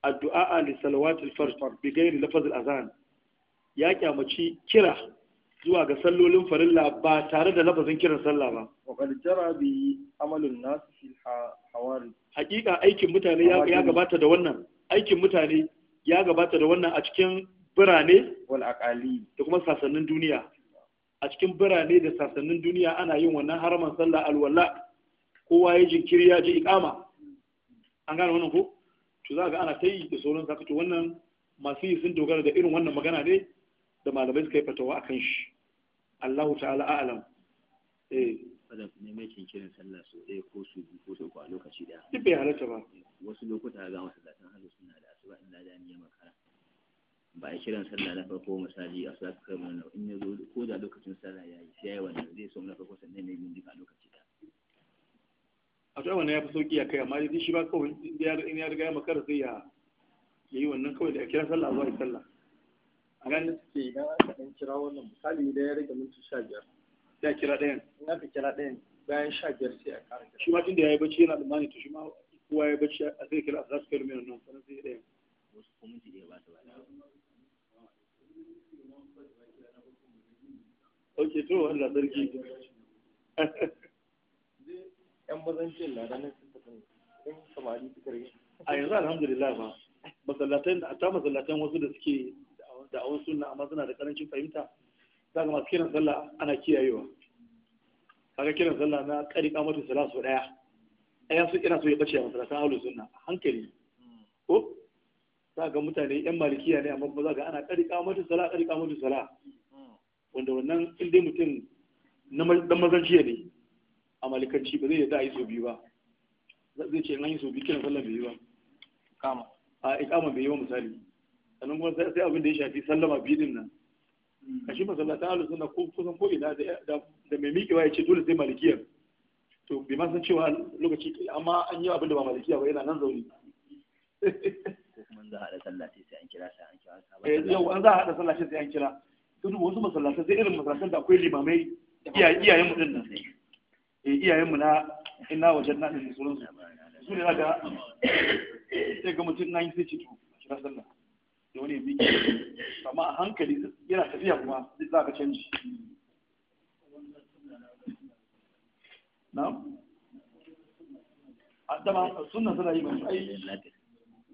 addu'a ali salawat al bi ghairi lafaz al-azan ya kyamaci kira zuwa ga sallolin farilla ba tare da lafazin kiran sallah ba wa qad jara bi amalun nas fi hawari hakika aikin mutane ya gabata da wannan aikin mutane ya gabata da wannan a cikin birane wal aqali da kuma sasannin duniya a cikin birane da sasannin duniya ana yin wannan haraman sallah alwala kowa ya jinkiri ya ji ikama an gane wannan ko to za ga ana ta yi da sauran saka to wannan masu yi sun dogara da irin wannan magana ne da malamai suka yi fatawa a kan shi Allahu ta'ala a'lam eh kada ne mai kinkirin sallah so ɗaya ko su biyu ko su a lokaci daya duk bai halatta ba wasu lokuta ga masu da san suna da asuba in da ya maka ba a kiran sallah na farko misali a sa kai mana in ya zo ko da lokacin sallah ya yi sai wanda zai so na farko sannan ne yin duka lokaci da a to wannan ya fi sauki a kai amma dai shi ba kawai in ya riga ya makara sai ya yi wannan kawai da kiran sallah zuwa sallah a ranar suke idan aka ɗan kira wannan misali da ya rage minti sha biyar sai a kira ɗayan in aka kira ɗayan bayan sha biyar sai a kara shi ma tunda ya yi bacci yana da to shi ma kowa ya yi bacci a sai kira a sa su kai rumenan nan sai ɗayan wasu kuma ba ba ok to wanda sarki yan mazancin na ranar sun samari suka a yanzu alhamdulillah ba a ta masallatan wasu da suke da awon sunna amma suna da karancin fahimta za ga masu kiran sallah ana kiyayewa kaga kiran sallah na kari kamatu salatu daya su so ya bace a masallatan ahlus sunna hankali hmm. ko za ga mutane yan malikiya ne amma kuma za ga ana ƙarƙa mata sala ƙarƙa mata sala wanda wannan in dai mutum dan mazanciya ne a malikanci ba zai yadda a yi biyu ba zai ce an yi sau biyu kiran sallan bai yi ba kama a ikama bai yi ba misali sannan kuma sai abin da ya shafi sallama biyu din nan a shi ta ahlus sunna ko kusan ko ina da mai miƙewa ya ce dole sai malikiya to bai ma san cewa lokaci amma an yi abin da ba malikiya ba yana nan zaune ko kuma za a haɗa sallah sai an kira sai an kira sallah eh, yau an za a haɗa sallah sai an kira duk wasu masallatai sai irin masallatan da akwai limamai iyayen mu din nan eh iyayen mu na ina wajen na din sauran su su ne daga sai ga mutum nan sai ciki kira sallah da wani miki amma a hankali yana tafiya kuma za ka canji na'am a dama sunan suna yi mai ai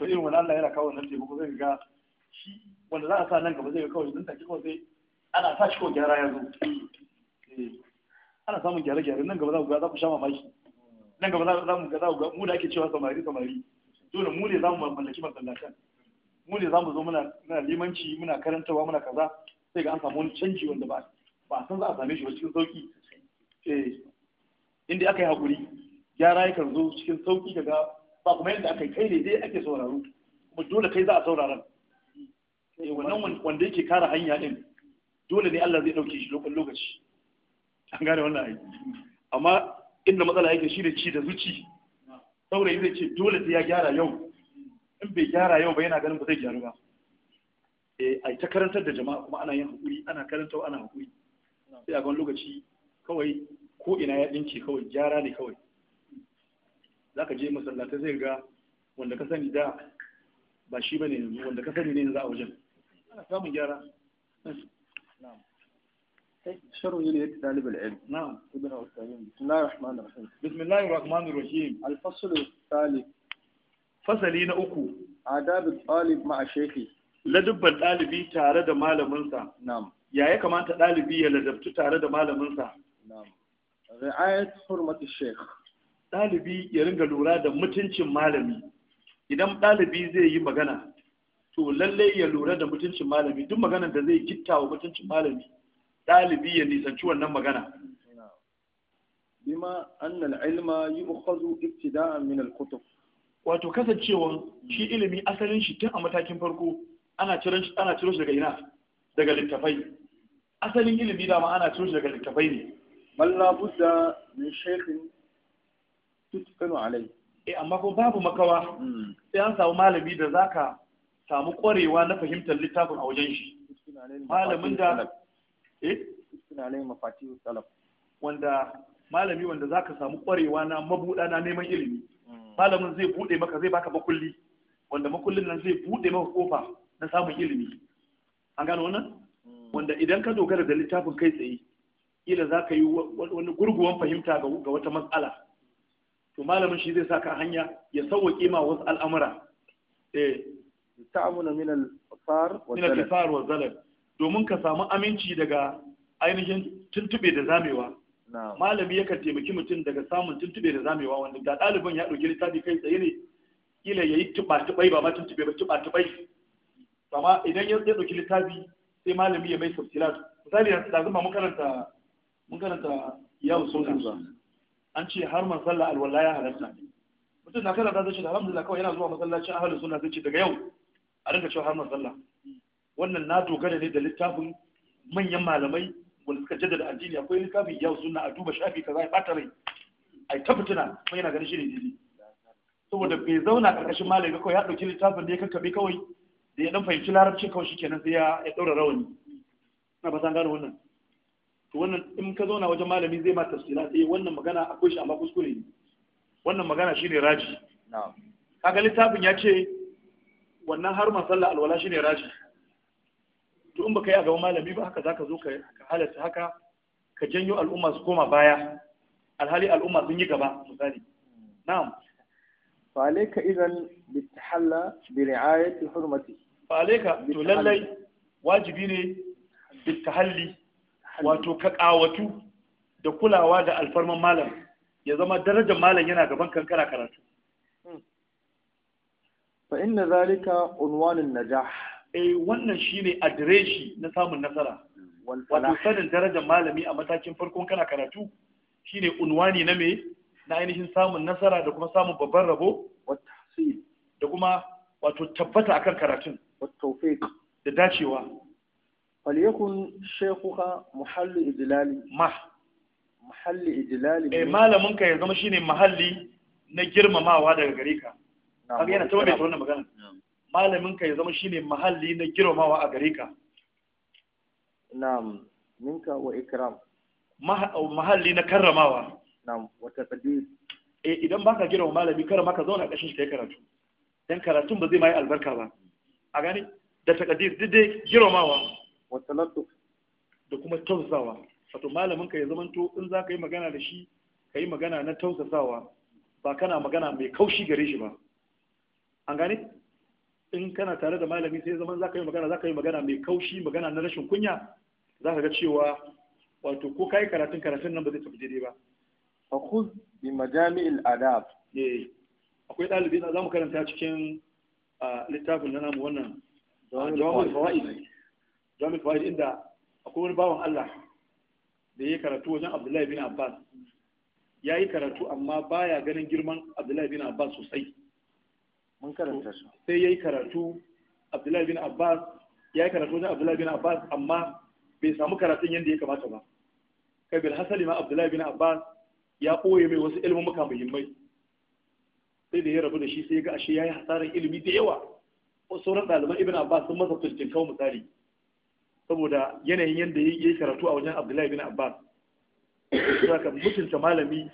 to irin wani Allah yana kawo wannan taimako zai ga shi wanda za a sa nan gaba zai ga kawai nan take kawai sai ana sa shi ko gyara ya zo eh, ana samun gyare-gyare nan gaba za ku ga za ku sha mamaki nan gaba za mu ga za ku ga mu da ake cewa samari samari dole mu ne za mu mallaki masallatan mu ne za mu zo muna limanci muna karantawa muna kaza sai ga an samu wani canji wanda ba ba san za a same shi ba cikin sauki eh inda aka yi hakuri gyara yakan zo cikin sauki daga ba kuma yadda aka yi kai ne dai ake sauraro kuma dole kai za a saurara eh, wannan wanda yake kara hanya din dole ne Allah zai dauke shi lokacin lokaci an gane wannan aiki amma inda matsala yake shi da ci da zuci saurayi zai ce dole sai ya gyara yau in bai gyara yau ba yana ganin ba zai gyaru ba eh, a ta karantar da jama'a kuma ana yin hakuri ana karantawa ana hakuri sai a ga lokaci kawai ko ina ya dinke kawai gyara ne kawai za ka je masallata zai ga wanda ka sani da ba shi ba ne yanzu wanda ka sani ne yanzu a wajen ana samun gyara شر يلي طالب العلم نعم ابن عثيمين بسم الله الرحمن الرحيم بسم الله الرحمن الرحيم الفصل الثالث fasali na uku adabin ɗalib ma'a sheki ladubban ɗalibi tare da malaminsa na'am ya ya kamata ɗalibi ya ladabtu tare da malaminsa na'am ri'ayat hurmati shekh ɗalibi ya ringa lura da mutuncin malami idan ɗalibi zai yi magana to lalle ya lura da mutuncin malami duk maganar da zai gitta wa mutuncin malami ɗalibi ya nisanci wannan magana bima annal ilma yu'khadhu ibtida'an min al-kutub wato kasancewan shi ilimi asalin shi tun a matakin farko ana ciro shi ana ciro shi daga ina daga littafai asalin ilimi dama ana ciro shi daga littafai ne balla budda min shaykhin tutkanu alai eh amma kuma babu makawa hmm. sai an samu malami da zaka samu kwarewa na fahimtar littafin a wajen shi malamin da eh alai mafatihu salaf wanda malami wanda zaka samu kwarewa na mabuɗa na neman ilimi hmm. malamin zai bude maka zai baka makulli wanda makullin nan zai bude maka kofa na samun ilimi an gano wannan hmm. wanda idan ka dogara da littafin kai tsaye ila za ka yi wani gurguwan fahimta ga wata matsala to malamin shi zai saka hanya ya sauwaƙe ma wasu al'amura eh ta'amuna min al-fasar wa zalal min al wa zalal domin ka samu aminci daga ainihin tuntube da zamewa malami yakan taimaki mutum daga samun tuntube da zamewa wanda ga ɗaliban ya ɗauki littafi kai tsaye ne ila ya yi tuba-tubai ba ma tuntube ba tuba-tubai amma idan ya ɗauki littafi sai malami ya mai subsilat misali da zama mun karanta mun karanta yawon sunan an ce har masalla alwala ya halatta mutum na kana zai ce alhamdulillah kawai yana zuwa masallacin ahlus suna zai ce daga yau a rinka cewa har masalla. wannan na dogara ne da littafin manyan malamai wanda suka jaddada addini akwai littafin yau suna a duba shafi kaza ya bata rai a ta fitina kuma yana ganin shi ne jini. saboda bai zauna karkashin malami kawai ya dauki littafin da ya kakkabe kawai da ya dan fahimci larabci kawai shi kenan sai ya daura rawani na ba san gano wannan to wannan in ka zauna wajen malami zai ma tafsira sai wannan magana akwai shi amma kuskure ne wannan magana shine raji kaga littafin ya ce wannan har sallah alwala shine raji to in baka yi a gaban malami ba haka zaka zo ka halatta haka ka janyo al'umma su koma baya alhali al'umma sun yi gaba misali na'am fa alayka idan bitahalla bi ri'ayati hurmati fa alayka to lallai wajibi ne bitahalli wato ka kawatu da kulawa da alfarman malam ya zama darajar malam yana gaban kankara karatu fa inna zalika unwanun najah eh wannan shine adireshi na samun nasara wato sanin darajar malami a matakin farkon kana karatu shine unwani na me na ainihin samun nasara da kuma samun babban rabo da kuma wato tabbata akan karatun da dacewa falyakun shaykhuka muhallu idlali ma muhalli idlali eh malamin ka ya zama shine mahalli na girmamawa daga gare ka kaga yana tabbata wannan magana malamin ya zama shine mahalli na girmamawa a gare ka na'am minka wa ikram mahalli na karramawa na'am wa taqdir eh idan baka girma malami karama ka zauna kashin shi kai karatu dan karatun ba zai mai albarka ba a gani da taqdir duk dai girmamawa wa da kuma tausawa wato malamin ka ya zamanto in za ka yi magana da shi ka yi magana na tausasawa ba kana magana mai kaushi gare shi ba an gane in kana tare da malami sai zaman za ka yi magana za ka yi magana mai kaushi magana na rashin kunya za ka ga cewa wato ko ka yi karatun karatun nan ba zai tafi daidai ba fa bi majami'il adab eh akwai ɗalibi na zamu karanta cikin ah, littafin na namu wannan jawabul fawaid jami'ul fawaid inda akwai wani bawan Allah da ya karatu wajen Abdullahi bin Abbas ya yi karatu amma baya ganin girman Abdullahi bin Abbas sosai mun karanta su sai ya yi karatu Abdullahi bin Abbas ya yi karatu wajen Abdullahi bin Abbas amma bai samu karatun yadda ya kamata ba kai bil hasali ma Abdullahi bin Abbas ya koye mai wasu ilmumuka muhimmai sai da ya rabu da shi sai ya ga ashe ya yi hasarar ilimi da yawa sauran ɗaliban ibn Abbas sun masa fuskin kawo misali saboda yanayin yadda ya yi karatu a wajen abdullahi bin abbas ka mutunta malami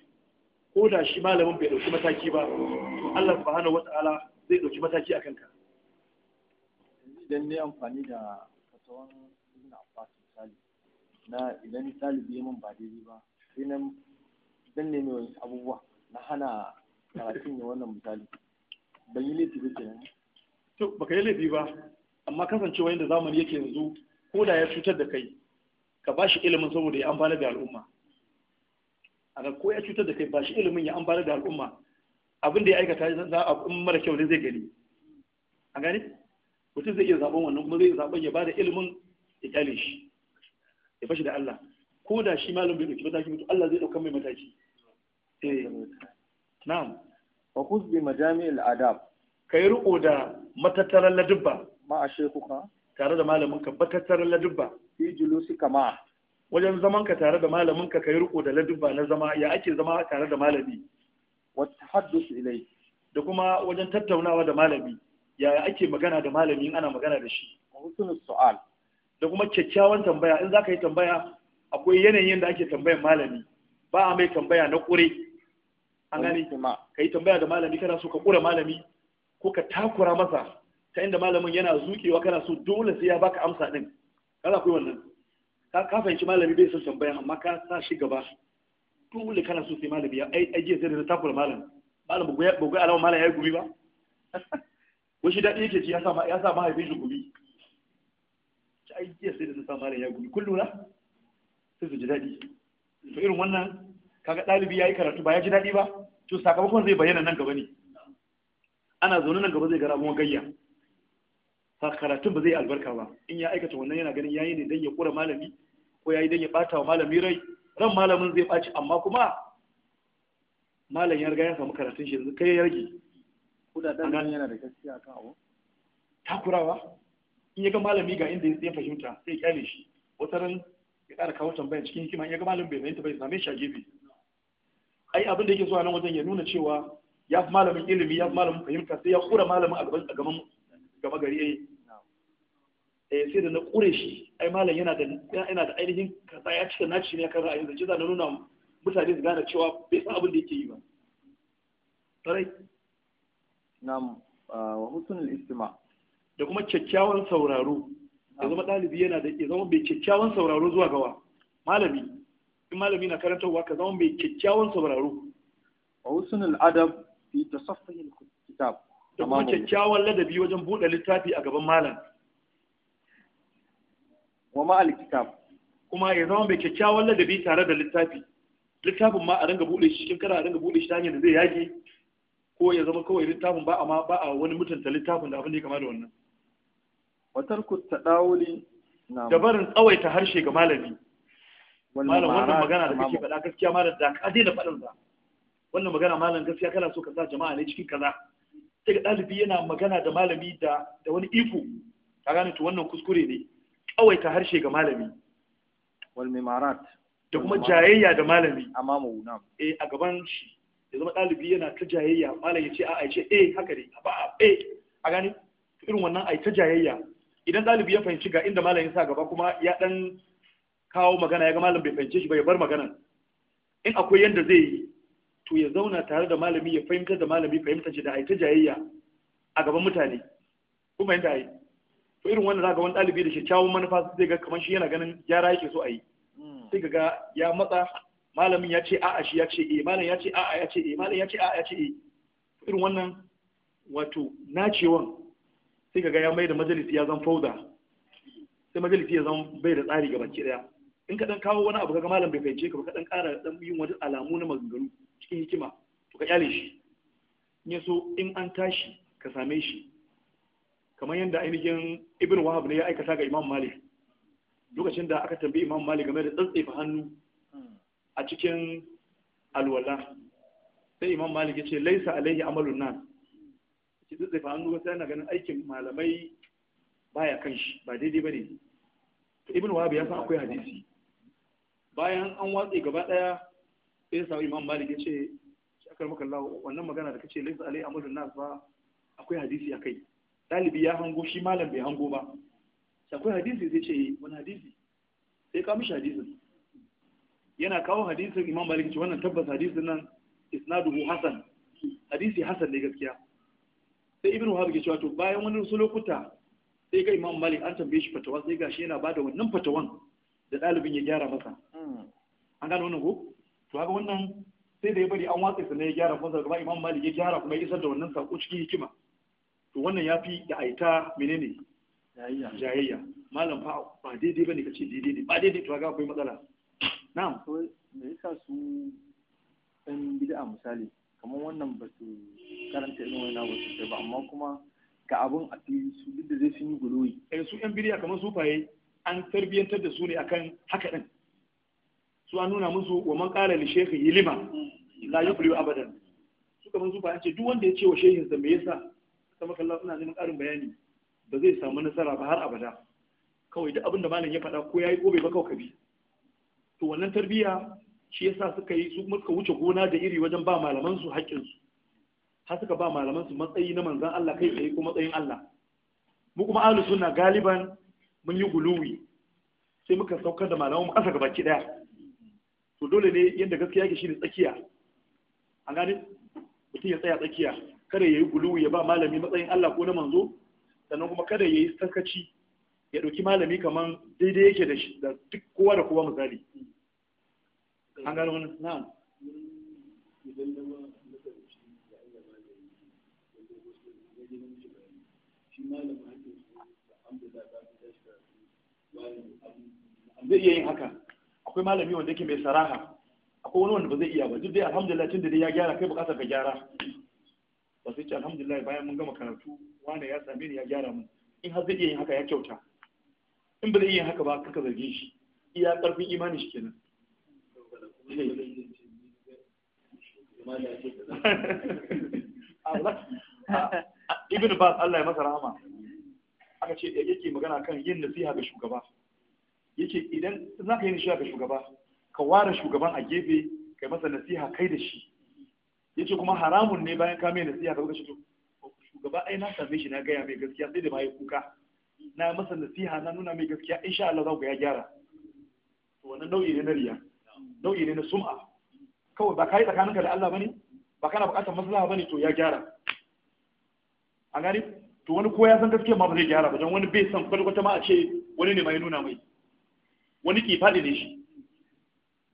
ko da shi malamin bai dauki mataki ba allah subhanahu ala zai dauki mataki a kanka idan ne amfani da fatawan ibn abbas misali na idan talibi ya min ba daidai ba sai na dan ne mai abubuwa na hana karatun ne wannan misali ban yi laifi ba kenan to baka yi laifi ba amma kasancewa yadda zamani yake yanzu ko da ya cutar da kai ka ba shi ilimin saboda ya amfana da al'umma a ko ya cutar da kai ba shi ilimin ya amfana da al'umma abin da ya aikata za a mara kyau ne zai gani a gani mutum zai iya zaɓen wannan kuma zai zaɓen ya ba da ilimin ya kyale shi ya fashi da Allah ko da shi malam bai ɗauki mataki Allah zai ɗaukar mai mataki eh na'am wa khudh bi majami'il adab kai riko da matattaran ladubba ma a shekuka tare da malamin ka ladubba fi julusi kama wajen zaman ka tare da malamin ka kai riko da ladubba na zama ya ake zama tare da malami wa tahaddus ilai da kuma wajen tattaunawa da malami ya ake magana da malami in ana magana da shi husnul su'al da kuma kyakkyawan tambaya in zaka yi tambaya akwai yanayin da ake tambayan malami ba a mai tambaya na kure an gane ka yi tambaya da malami kana so ka kura malami ko ka takura masa ta inda malamin yana zukewa kana so dole sai ya baka amsa din kana koyi wannan ka ka fahimci malami bai son tambaya amma ka sa shi gaba dole kana so sai malami ya ai aje sai da tafura malami malam ba ga alama malam ya gumi ba ko shi dadi yake ji ya sa ya sa mahaifin shi gumi ci ai jiya sai da sa malam ya gumi kullu na sai su ji dadi to irin wannan kaga dalibi yayi karatu ba ya ji dadi ba to sakamakon zai bayyana nan gaba ne ana zaune nan gaba zai ga ramuwar gayya karatun ba zai albarka ba in ya aikata wannan yana ganin yayi ne dan ya kura malami ko yayi dan ya bata wa malami rai ran malamin zai baci amma kuma malam ya riga ya samu karatun shi yanzu kai ya rage kuda dan yana da gaskiya akan abu takurawa in ya ga malami ga inda ya fahimta sai ya kyale shi wata ran ya ƙara kawo tambaya cikin hikima in ya ga malamin bai fahimta bai same shi a gefe ai abin da yake zuwa nan wajen ya nuna cewa ya fi malamin ilimi ya fi malamin fahimta sai ya kura malamin a gaban gama gari yayi eh sai da na kure shi ai malam yana da yana da ainihin kaza ya cika naci ne kan ra'ayin zance da nuna mutane su gane cewa bai san abin da yake yi ba tarai na'am ah, wa husnul istima da kuma kyakkyawan sauraro ya zama ɗalibi yana da ya zama bai kyakkyawan sauraro zuwa gawa malami in malami na karantarwa ka zama bai kyakkyawan sauraro wa husnul adab fi tasaffuh kitab da kuma kyakkyawan ladabi wajen buɗe littafi a gaban malam wa ma'al kitab. kuma ya zama mai kyakkyawan ladabi tare da littafi littafin ma a ringa buɗe shi cikin kana a ringa buɗe shi ta hanyar da zai yage ko ya zama kawai littafin ba amma ba a wani mutunta littafin da abin da ya kama da wannan Wa tarku tadawuli da barin tsawaita harshe ga malami malam wannan magana da kake faɗa gaskiya malam da ka daina faɗin sa wannan magana malam gaskiya kana so ka sa jama'a ne cikin kaza sai ga ɗalibi yana magana da malami da da wani iko ka gane to wannan kuskure ne ta harshe ga malami wal mimarat da kuma jayayya da malami amma mauna eh a gaban shi ya zama ɗalibi yana ta jayayya malam ya ce a ce eh haka ne ba eh a gane irin wannan ai ta jayayya idan ɗalibi ya fahimci ga inda malami ya sa gaba kuma ya dan kawo magana ya ga malam bai fahimce shi ba ya bar maganan in akwai yanda zai yi to ya zauna tare da malami ya fahimtar da malami fahimtar shi da ta jayayya a gaban mutane kuma yanda ai to irin wannan zaka wani dalibi da kyakkyawan manufa zai ga kamar shi yana ganin gyara yake so a yi hmm. sai ga ya matsa malamin ya ce a'a shi ya ce eh malam ya ce a'a ya ce eh malam ya ce a'a ya ce eh irin wannan wato nacewan sai ga ya mai da majalisi ya zan fauda sai majalisi ya zan bai da tsari gaban ki daya in ka dan kawo wani abu kaga malam bai fahimce ka ba ka dan ƙara dan yin wani alamu na maganganu cikin hikima to ka kyale shi in yaso in an tashi ka same shi kamar yadda ainihin ibn wahab ne ya aikata ga imam malik lokacin da aka tambayi imam malik game da tsatsefa hannu a cikin alwala sai imam malik ya ce laisa alaihi amalun nan ce tsatsefa hannu wasu yana ganin aikin malamai baya kan shi ba daidai ba ne ibn wahab ya san akwai hadisi bayan an watse gaba daya sai sa imam malik ya ce shi akar maka Allah wannan magana da kace laysa alai amrun nas ba akwai hadisi akai dalibi ya hango shi malam bai hango ba akwai hadisi zai ce eh, wani hadisi sai ka mishi hadisi yana kawo hadisin imam malik ce wannan tabbas hadisin nan isnaduhu hasan hadisi hasan ne gaskiya sai ibn wahab ke cewa to bayan wani wasu lokuta sai ga imam malik an tambaye shi fatawa sai gashi yana bada wannan fatawan da dalibin ya gyara masa hmm. an gano wannan ko to haka wannan sai da ya bari an watsa sannan ya gyara kuma kuma imam malik ya gyara kuma ya isar da wannan sako cikin hikima to wannan ya fi da aita menene jayayya malam fa ba daidai bane kace daidai ne ba daidai to haka akwai matsala na'am to me yasa su ɗan bid'a misali kamar wannan ba su karanta irin wannan ba su ba amma kuma ga abun a fili su duk da zai sun yi guloyi eh su yan bid'a kamar su faye an tarbiyyantar da su ne akan haka din suwa nuna musu wa man qala li ilima la yuflihu abadan su kaman su ce duk wanda ya ce wa shehin sa me yasa sama kallahu suna neman karin bayani ba zai samu nasara ba har abada kawai duk abin da malam ya faɗa ko yayi ko bai ba kawai kabi to wannan tarbiyya shi yasa suka yi su muka wuce gona da iri wajen ba malaman su haƙƙin su har suka ba malaman su matsayi na manzon Allah kai tsaye ko matsayin Allah mu kuma ahlus sunna galiban mun yi guluwi sai muka saukar da malaman mu ƙasa gabaki daya to dole ne yadda gaskiya ke shi ne tsakiya a gane mutum ya tsaya tsakiya kada ya yi guluwi ya ba malami matsayin Allah ko na manzo sannan kuma kada ya yi sakaci ya ɗauki malami kamar daidai yake da shi da duk kowa da kowa misali an gane wani na'am zai iya yin haka akwai malami wanda yake mai saraha akwai wani wanda ba zai iya ba duk dai alhamdulillah tun da dai ya gyara kai bukatar ka gyara ba sai ce alhamdulillah bayan mun gama karatu wani ya same ni ya gyara mu in har zai iya yin haka ya kyauta in ba zai iya yin haka ba kaka zarge shi iya karfin imani shi kenan ibn bas Allah ya masa rahama aka ce yake magana kan yin nasiha ga shugaba yake idan za ka yi nishiya ga shugaba ka ware shugaban a gefe kai masa nasiha kai da shi yace kuma haramun ne bayan ka mai nasiha ka gashi to shugaba ai na same shi na gaya mai gaskiya sai da bai kuka na masa nasiha na nuna mai gaskiya insha Allah za ku ya gyara to wannan nau'i ne na riya nau'i ne na sum'a kawai ba kai tsakaninka da Allah bane ba kana bukatar maslaha bane to ya gyara a gani to wani ko ya san gaskiya ma ba zai gyara ba don wani bai san kwalkwata ma a ce wani ne ma ya nuna mai wani ki faɗi ne shi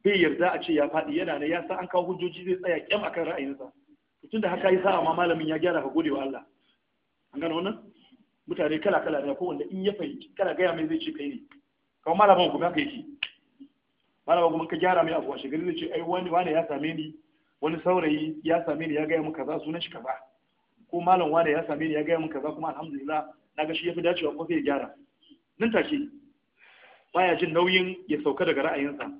bai yarda a ce ya faɗi yana ne ya san an kawo hujjoji zai tsaya kyam akan ra'ayinsa tun da haka yi sa'a ma malamin ya gyara ka gode wa Allah an gano wannan mutane kala kala ne ko wanda in ya fahimci kala gaya mai zai ce kai ne kawai malamin kuma haka yake malamin kuma ka gyara mai abu a shekaru zai ce ai wani wani ya same ni wani saurayi ya same ni ya gaya min kaza sunan shi kaza ko malam wani ya same ni ya gaya min kaza kuma alhamdulillah na ga shi ya fi dacewa ko zai gyara nan take baya jin nauyin ya sauka daga ra'ayinsa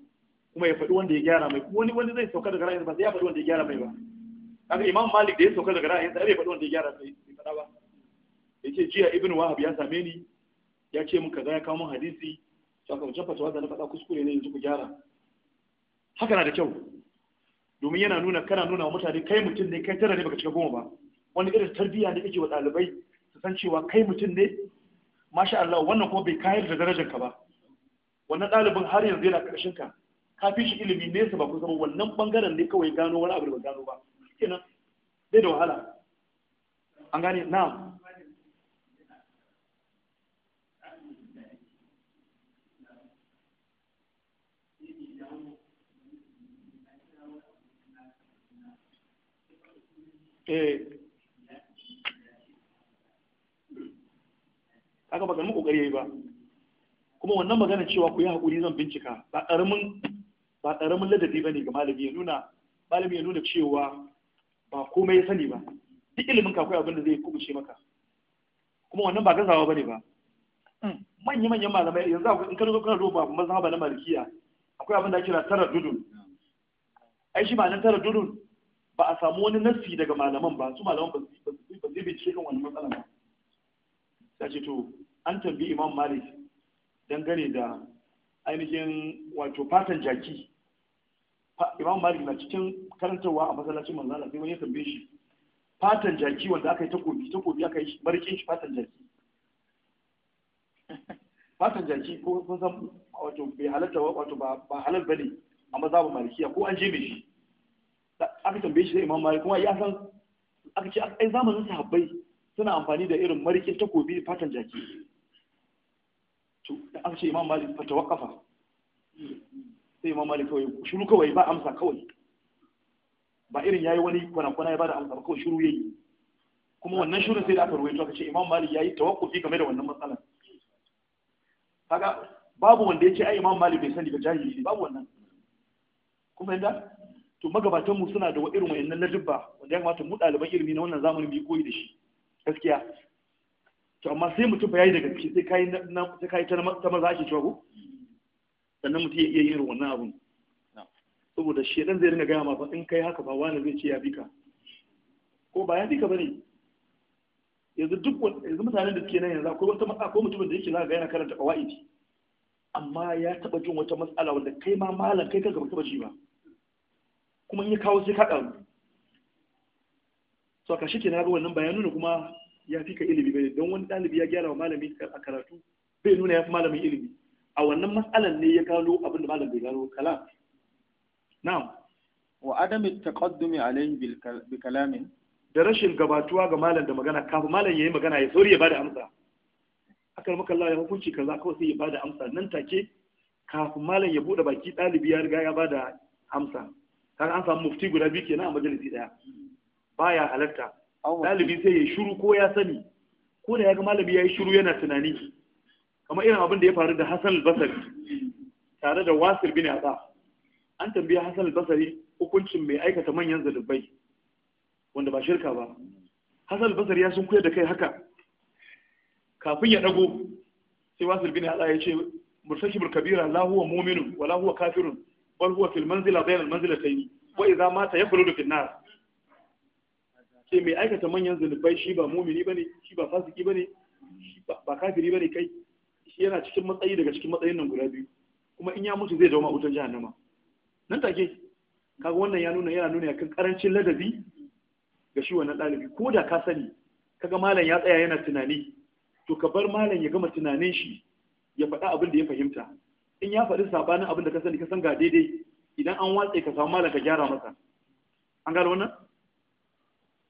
kuma ya faɗi wanda ya gyara mai wani wani zai sauka daga ra'ayinsa ba sai ya faɗi wanda ya gyara mai ba kaga imam malik da ya sauka daga ra'ayinsa bai faɗi wanda ya gyara mai faɗa ba yace jiya ibnu wahab ya same ni ya ce min kaza ya kawo min hadisi saka ka fatawa da na faɗa kuskure ne yanzu ku gyara haka na da kyau domin yana nuna kana nuna wa mutane kai mutum ne kai tara ne baka cika goma ba wani irin tarbiyya ne kake wa ɗalibai su san cewa kai mutum ne masha Allah wannan kuma bai kayar da darajar ka ba wannan ɗalibin har yanzu yana ƙarshen ka ka fi shi ilimi nesa ba kusa ba wannan ɓangaren ne kawai gano wani abu da ba gano ba kenan zai da wahala an gane na eh aka baka mu ya yi ba kuma wannan magana cewa ku yi haƙuri zan bincika ba ƙaramin ba ƙaramin ladabi bane ga malami ya nuna malami ya nuna cewa ba komai ya sani ba duk ilimin ka akwai abin da zai kubuce maka kuma wannan ba gazawa bane ba hmm, manya manyan malamai yanzu akwai in ka zo kana duba mazhaba na malikiya akwai abin da ake kira taraddudun ai shi ba nan taraddudun ba a samu wani nassi daga malaman ba su malaman ba su bincike kan wannan matsala ba sai ce to an tambayi imam malik dangane da ainihin wato fatan jaki imam malik na cikin karantarwa a masallacin manzala sai wani ya tambaye shi fatan jaki wanda aka yi takobi takobi aka yi barikin shi fatan jaki fatan jaki ko sun san wato bai halatta wato ba halal bane a mazhabin malikiya ko an jebe shi aka tambaye shi zai imam malik kuma ya san aka ce ai zamanin sahabbai suna amfani da irin marikin takobi fatan jaki to da an ce imam malik fa tawaqqafa sai imam malik kawai shiru kawai ba amsa kawai ba irin yayi wani kwana kwana ya bada amsa kawai shiru yayi kuma wannan shirin sai da aka ruwaito aka ce imam malik yayi tawaqqufi game da wannan matsalar kaga babu wanda ya ce ai imam malik bai sani ba jahili ne babu wannan kuma yanda to magabatan mu suna da wa irin wayannan dubba, wanda ya kamata mu daliban ilimi na wannan zamanin bi koyi da shi gaskiya to amma sai mutum ba yayi daga ciki sai kai na kai ta maza ake cewa ko sannan mutum ya iya yin wannan abun saboda shi shedan zai ringa gaya ma fa in kai haka ba wani zai ce ya bika ko ba ya bika bane yanzu duk yanzu mutanen da suke nan yanzu akwai wata matsala ko mutumin da yake za ga yana karanta qawaidi amma ya taba jin wata matsala wanda kai ma malam kai kanka baka taba ji ba kuma in ya kawo sai ka karu so ka shike na ga wannan bayanu ne kuma ya fi ka ilimi bane don wani ɗalibi ya gyara wa malami a karatu bai nuna ya fi malamin ilimi a wannan matsalan ne ya gano abin da malam bai gano kalam na'am wa adami taqaddumi alayhi bi kalamin da rashin gabatuwa ga malam da magana kafin malam yayi magana ya sauri ya bada amsa akal maka Allah ya hukunci kaza kawai sai ya bada amsa nan take kafin malam ya bude baki ɗalibi ya riga ya bada amsa kaga an samu mufti guda biyu kenan a majalisi daya baya halarta ɗalibi sai ya shiru ko ya sani ko da ya ga malami ya yi shiru yana tunani kamar irin abin da ya faru da Hassan al tare da Wasir bin Asa an tambaya Hassan al hukuncin mai aikata manyan zalubai wanda ba shirka ba Hassan al ya sun koyar da kai haka kafin ya dago sai Wasir bin Asa ya ce murtakibul kabira la huwa mu'minun wa la huwa kafirun bal huwa fil manzila bayna al-manzilatayn wa idha mata yakhludu fil nar sai mai aikata manyan zunubai shi ba mumini bane shi ba fasiki bane shi ba kafiri bane kai shi yana cikin matsayi daga cikin matsayin nan guda biyu kuma in ya mutu zai zama wutar jahannama nan take kaga wannan ya nuna yana nuna kan karancin ladabi ga shi wannan ɗalibi ko da ka sani kaga malam ya tsaya yana tunani to ka bar malam ya gama tunanin shi ya faɗa abin da ya fahimta in ya faɗi sabanin abin da ka sani ka san ga daidai idan an watse ka samu malam ka gyara masa an gano wannan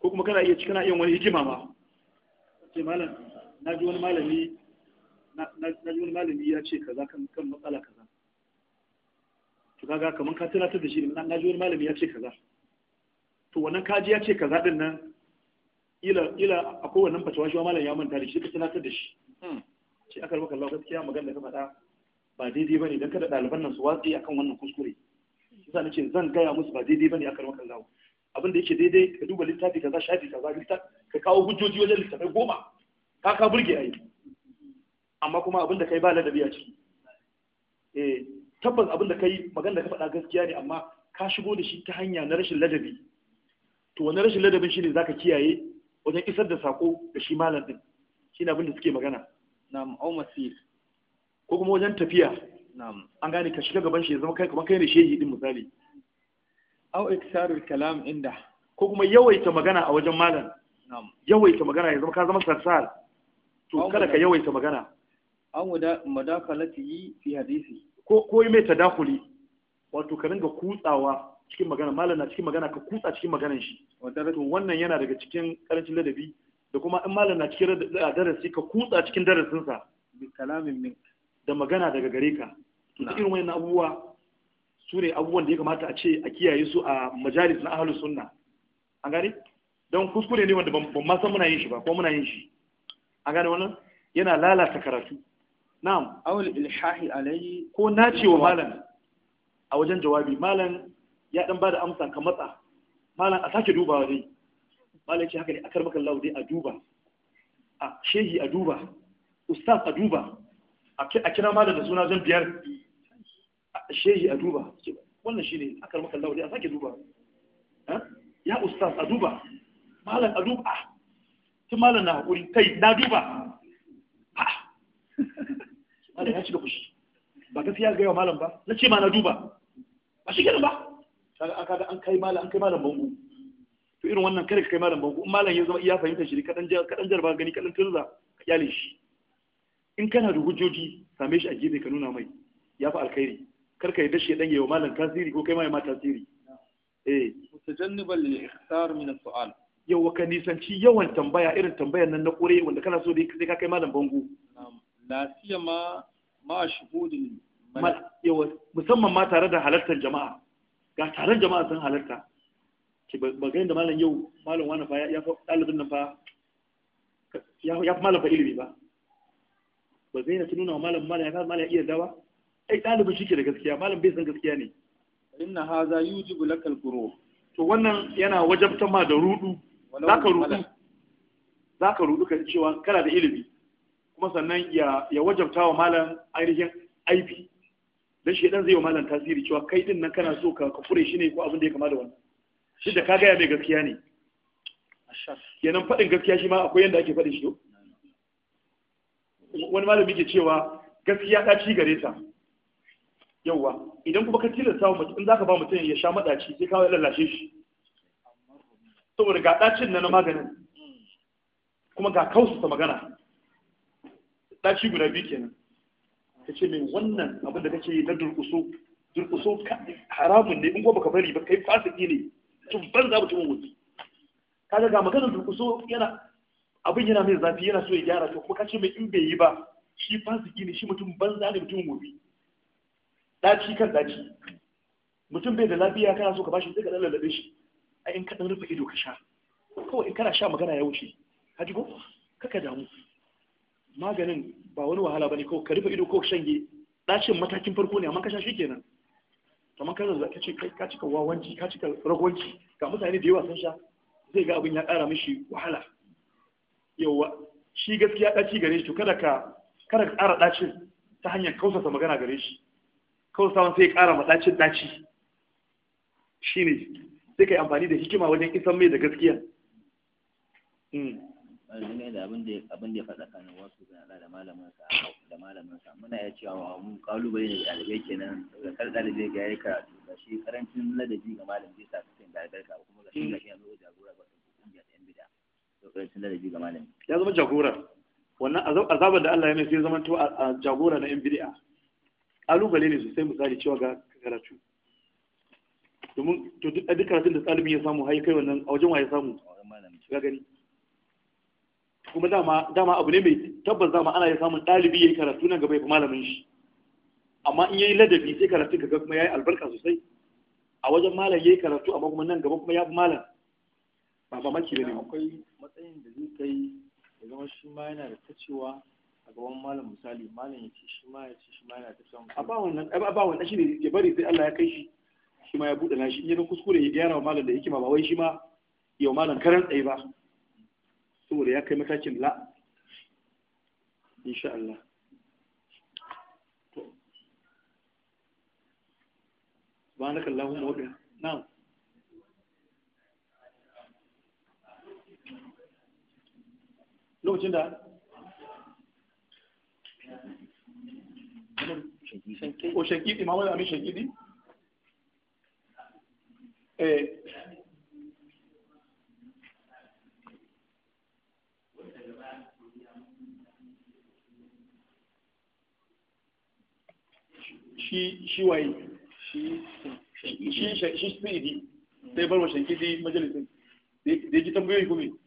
ko kuma kana iya cikin ayyan wani hikima ma ce malam na ji wani malami naji wani malami ya ce kaza kan kan matsala kaza to kaga kaman ka tunatar da shi na ji wani malami ya ce kaza to wannan kaji ya ce kaza din nan ila ila akwai wannan fatawa shi malam ya manta da shi ka tunatar da shi ce hmm. aka rubuta Allah gaskiya magana da ka faɗa ba daidai bane dan kada ɗaliban nan su watsi akan wannan kuskure yasa nace zan gaya musu ba daidai bane aka rubuta Allah abin da yake daidai ka duba littafi kaza shafi kaza littafi ka kawo hujjoji wajen littafai goma ka ka burge ai amma kuma abin da kai ba ladabi a ciki eh tabbas abin da kai magana da ka faɗa gaskiya ne amma ka shigo da shi ta hanya na rashin ladabi to wani rashin ladabin shine zaka kiyaye wajen isar da sako da shi malam din shine abin da suke magana na'am au masir ko kuma wajen tafiya na'am an gane ka shiga gaban shi ya zama kai kamar kai ne shehi din misali au iksarul kalam inda ko kuma yawaita magana a wajen malam yawaita magana ya zama ka zama sarsal to kada ka yawaita magana an wada madakalati fi hadisi ko ko mai tadakuli wato ka ringa kutsawa cikin magana malam na cikin magana ka kutsa cikin maganar shi wato wannan yana daga cikin karancin ladabi da kuma in malam na cikin darasi ka kutsa cikin darasinsa bi kalamin min da magana daga gare ka to irin wannan abubuwa su ne abubuwan da ya kamata a ce a kiyaye su a majalis na ahalus sunna an gane don kuskure ne wanda ban ma san muna yin shi ba ko muna yin shi an gane wannan yana lalata karatu na'am awul ilhahi alayhi ko na wa malam a wajen jawabi malam ya dan bada amsa ka matsa malam a sake dubawa dai malam ce haka ne akar maka Allah dai a duba a shehi a duba ustaz a duba a kira malam da suna zan biyar shehi a duba wannan shi ne, akal maka Allah a sake duba eh? ya ustaz a duba malam a duba ah. tun malam na hakuri kai na duba malam ya ci da fushi ba gaskiya ga yawa malam ba na ce ma na duba ba shi gina ba kaga an kaga an kai malam an kai malam bango to irin wannan kare kai malam bango in malam ya zama iya fahimtar shi kadan kadan jarba gani kadan turza ka kyale shi in kana da hujjoji same shi a gefe ka nuna mai ya fi alkhairi karka yadda shedan yayi wa malam tasiri ko kai ma ma tasiri eh mutajanniban lil ikhtar min as-su'al yawa ka nisanci yawan tambaya irin tambayar nan na kore wanda kana so dai sai ka kai malam bango la siya ma shuhudin yawa musamman ma tare da halartar jama'a ga taron jama'a sun halarta ki ba ga inda malam yau malam wani fa ya fa dalibin nan fa ya fa malam fa ilimi ba ba zai na tununa malam malam ya malam ya iya dawa ai ɗalibin shi ke da gaskiya malam bai san gaskiya ne inna haza yujibu lakal guru to wannan yana wajabta ma da rudu zaka rudu zaka rudu ka cewa kana da ilimi kuma sannan ya ya wajabta wa malam ainihin aibi dan shi dan zai wa malam tasiri cewa kai din nan kana so ka kafure shi ne ko abin da ya kama da wannan shi da ka gaya mai gaskiya ne kenan faɗin gaskiya shi ma akwai yadda ake faɗin shi wani malami ke cewa gaskiya ta ci gare ta yauwa idan kuma ka tilasta wa mutum za ka ba mutum ya sha maɗaci sai kawai lallashe shi saboda ga ɗacin na na maganin kuma ga kausuta magana ɗaci guda biyu kenan ka ce mai wannan abin da kake yi na durƙuso durƙuso haramun ne in kuma baka bari ba kai fasiki ne tun ban za mutumin wuce kaga ga maganar durƙuso yana abin yana mai zafi yana so ya gyara to kuma ka ce mai in bai yi ba shi fasiki ne shi mutum banza ne mutumin gobe daci kan daci mutum bai da lafiya kana so ka bashi sai ka dan lalabe shi a in ka dan rufe ido ka sha kawai in kana sha magana ya wuce ka ji ko kaka damu maganin ba wani wahala bane kawai ka rufe ido ko shange ɗacin matakin farko ne amma ka sha shi kenan kamar ka zazzaɓi ce kai ka cika wawanci ka cika ragwanci ga mutane da yawa sun sha zai ga abin ya ƙara mishi wahala yawa shi gaskiya daci gare shi to kada ka kada ka ƙara ɗacin ta hanyar kausasa magana gare shi kawai sawan sai ya ƙara matsacin daci shi ne sai ka yi amfani da hikima wajen isan mai da gaskiya dangane hmm. da abin da abin da ya faɗa kan wasu da da malamin da malamin muna ya cewa mun kalubale da dalibai kenan da kar dalibai ga yayi karatu da shi karancin ladabi ga malam zai sa cikin dalibai ka kuma ga shi ga shi yanzu jagora ba kungiya ta yan bida to karancin ladabi ga malam ya zama jagora wannan azabar da Allah ya mai sai zama to a jagora na yan bid'a kalubale ne sosai misali cewa ga karatu domin to duk karatun da tsalibi ya samu hayi kai wannan a wajen waye samu ga gani kuma dama dama abu ne mai tabbas dama ana ya samun ɗalibi yayi karatu nan gaba ya fi malamin shi amma in yayi ladabi sai karatu ga kuma yayi albarka sosai a wajen malam yayi karatu amma kuma nan gaba kuma ya fi malam ba ba maki bane akwai matsayin da zai kai ya zama shi ma yana da tacewa a gaban malam misali malam ya ce shi ma ya ce shi ma yana ta samu a ba wannan a ba ya bari sai Allah ya kai shi shi ma ya bude nashi in ya ga kuskure ya gyara wa malam da hikima ba wai shi ma yau malam karan tsaye ba saboda ya kai matakin la insha Allah سبحانك اللهم وبحمدك نعم lokacin da shankidi o shankidi ma wani shankidi eh shi shi waye shi shi shi shi sai bar wa shankidi majalisin da ya ji tambayoyi kuma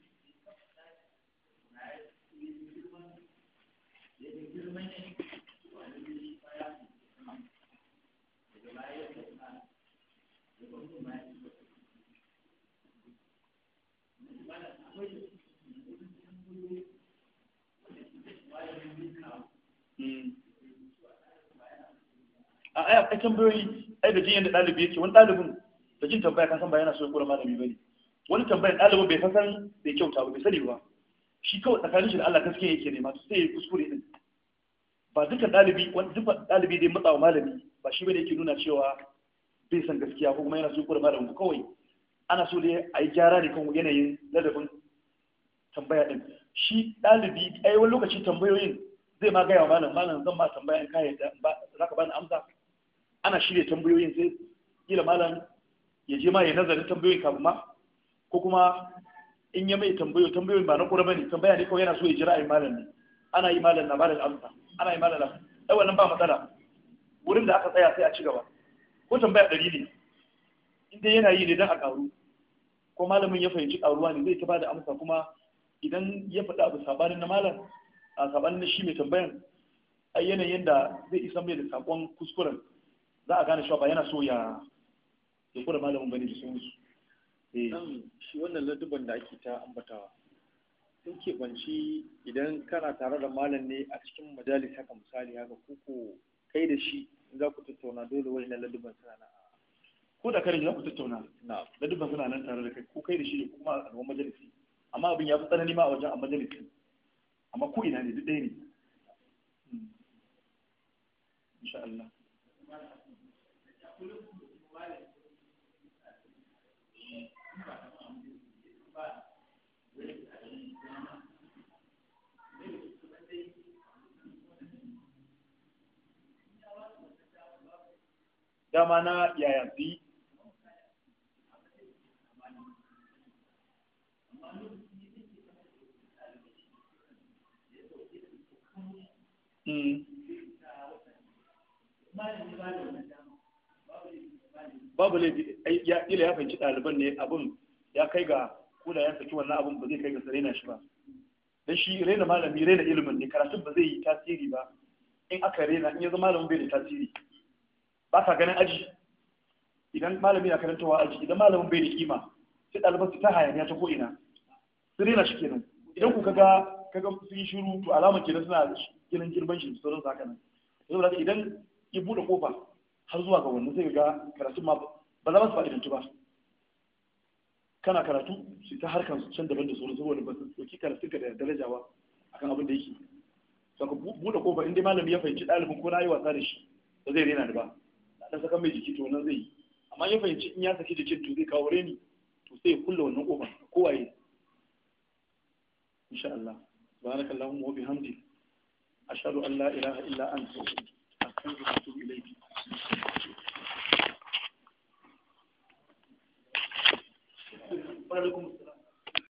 a ai akwai tambayoyi ai da jin yadda ɗalibi yake wani ɗalibin da jin tambaya kan san ba yana so ya kura malami bane wani tambayar ɗalibin bai san bai kyauta ba bai sani ba shi kawai tsakanin shi da Allah gaskiya yake ne to sai ya kuskure din ba dukkan ɗalibi wani duk ɗalibi dai matsawa malami ba shi bane yake nuna cewa bai san gaskiya ko kuma yana so ya kura malamin kawai ana so dai a yi gyara ne kan yanayin ladabin tambaya din shi ɗalibi ai wani lokaci tambayoyin zai ma gaya wa malam malam zan ba tambaya in da za ka bani amsa ana shirya tambayoyin sai kila malam ya je ma ya nazarin tambayoyin kafin ma ko kuma in ya mai tambayo tambayoyin ba na kura bane tambaya ne kawai yana so ya jira ayi malam ne ana yi malam na malam amsa ana yi malam na ai wannan ba matsala wurin da aka tsaya sai a ci gaba ko tambaya ɗari ne inda yana yi ne don a ƙaru ko malamin ya fahimci ƙaruwa ne zai ta ba da amsa kuma idan ya faɗi abu sabanin na malam a sabanin shi mai tambayan a yanayin da zai isa mai da sakon kuskuren za a gane shi ba yana so ya ya kura malamin bane da sauransu eh. shi wannan laduban da ake ta ambatawa sun keɓanci idan kana tare da malam ne a cikin majalis haka misali haka kuku kai da shi za ku tattauna dole wani na laduban suna ko da kare za ku tattauna laduban suna nan tare da kai ko kai da shi ne kuma a gaban majalisi amma abin ya fi tsanani ma a wajen a majalisi amma ko ina ne duk ɗaya ne insha Allah dama na yaya su babu laifi ya ila ya fahimci ɗaliban ne abin ya kai ga koda ya saki wannan abin ba zai kai ga su raina shi ba dan shi raina malami raina ilimin ne karatun ba zai yi tasiri ba in aka raina in yanzu malamin bai da tasiri ba ka ganin aji idan malami na karantawa aji idan malamin bai da kima sai ɗaliban su ta hayaniya ta ko ina su raina shi kenan idan ku ga kaga sun shiru to alama kenan suna kiran girban shi sauran su haka nan saboda idan ya bude kofa har zuwa ga wannan sai ga karatu ma ba za su fa'idantu ba kana karatu shi ta harkar su can daban da sauran saboda ba su ki karatun ka da daraja ba akan abin da yake ka bude kofa in dai malami ya fahimci dalibin ko na yi wasa da shi ba zai rena da ba na ɗan saka mai jiki to nan zai yi amma ya fahimci in ya saki jikin to zai kawo reni to sai ya kulle wannan kofa kowaye insha Allah barakallahu wa bihamdi ashhadu an la ilaha illa anta astaghfiruka wa atubu ilayk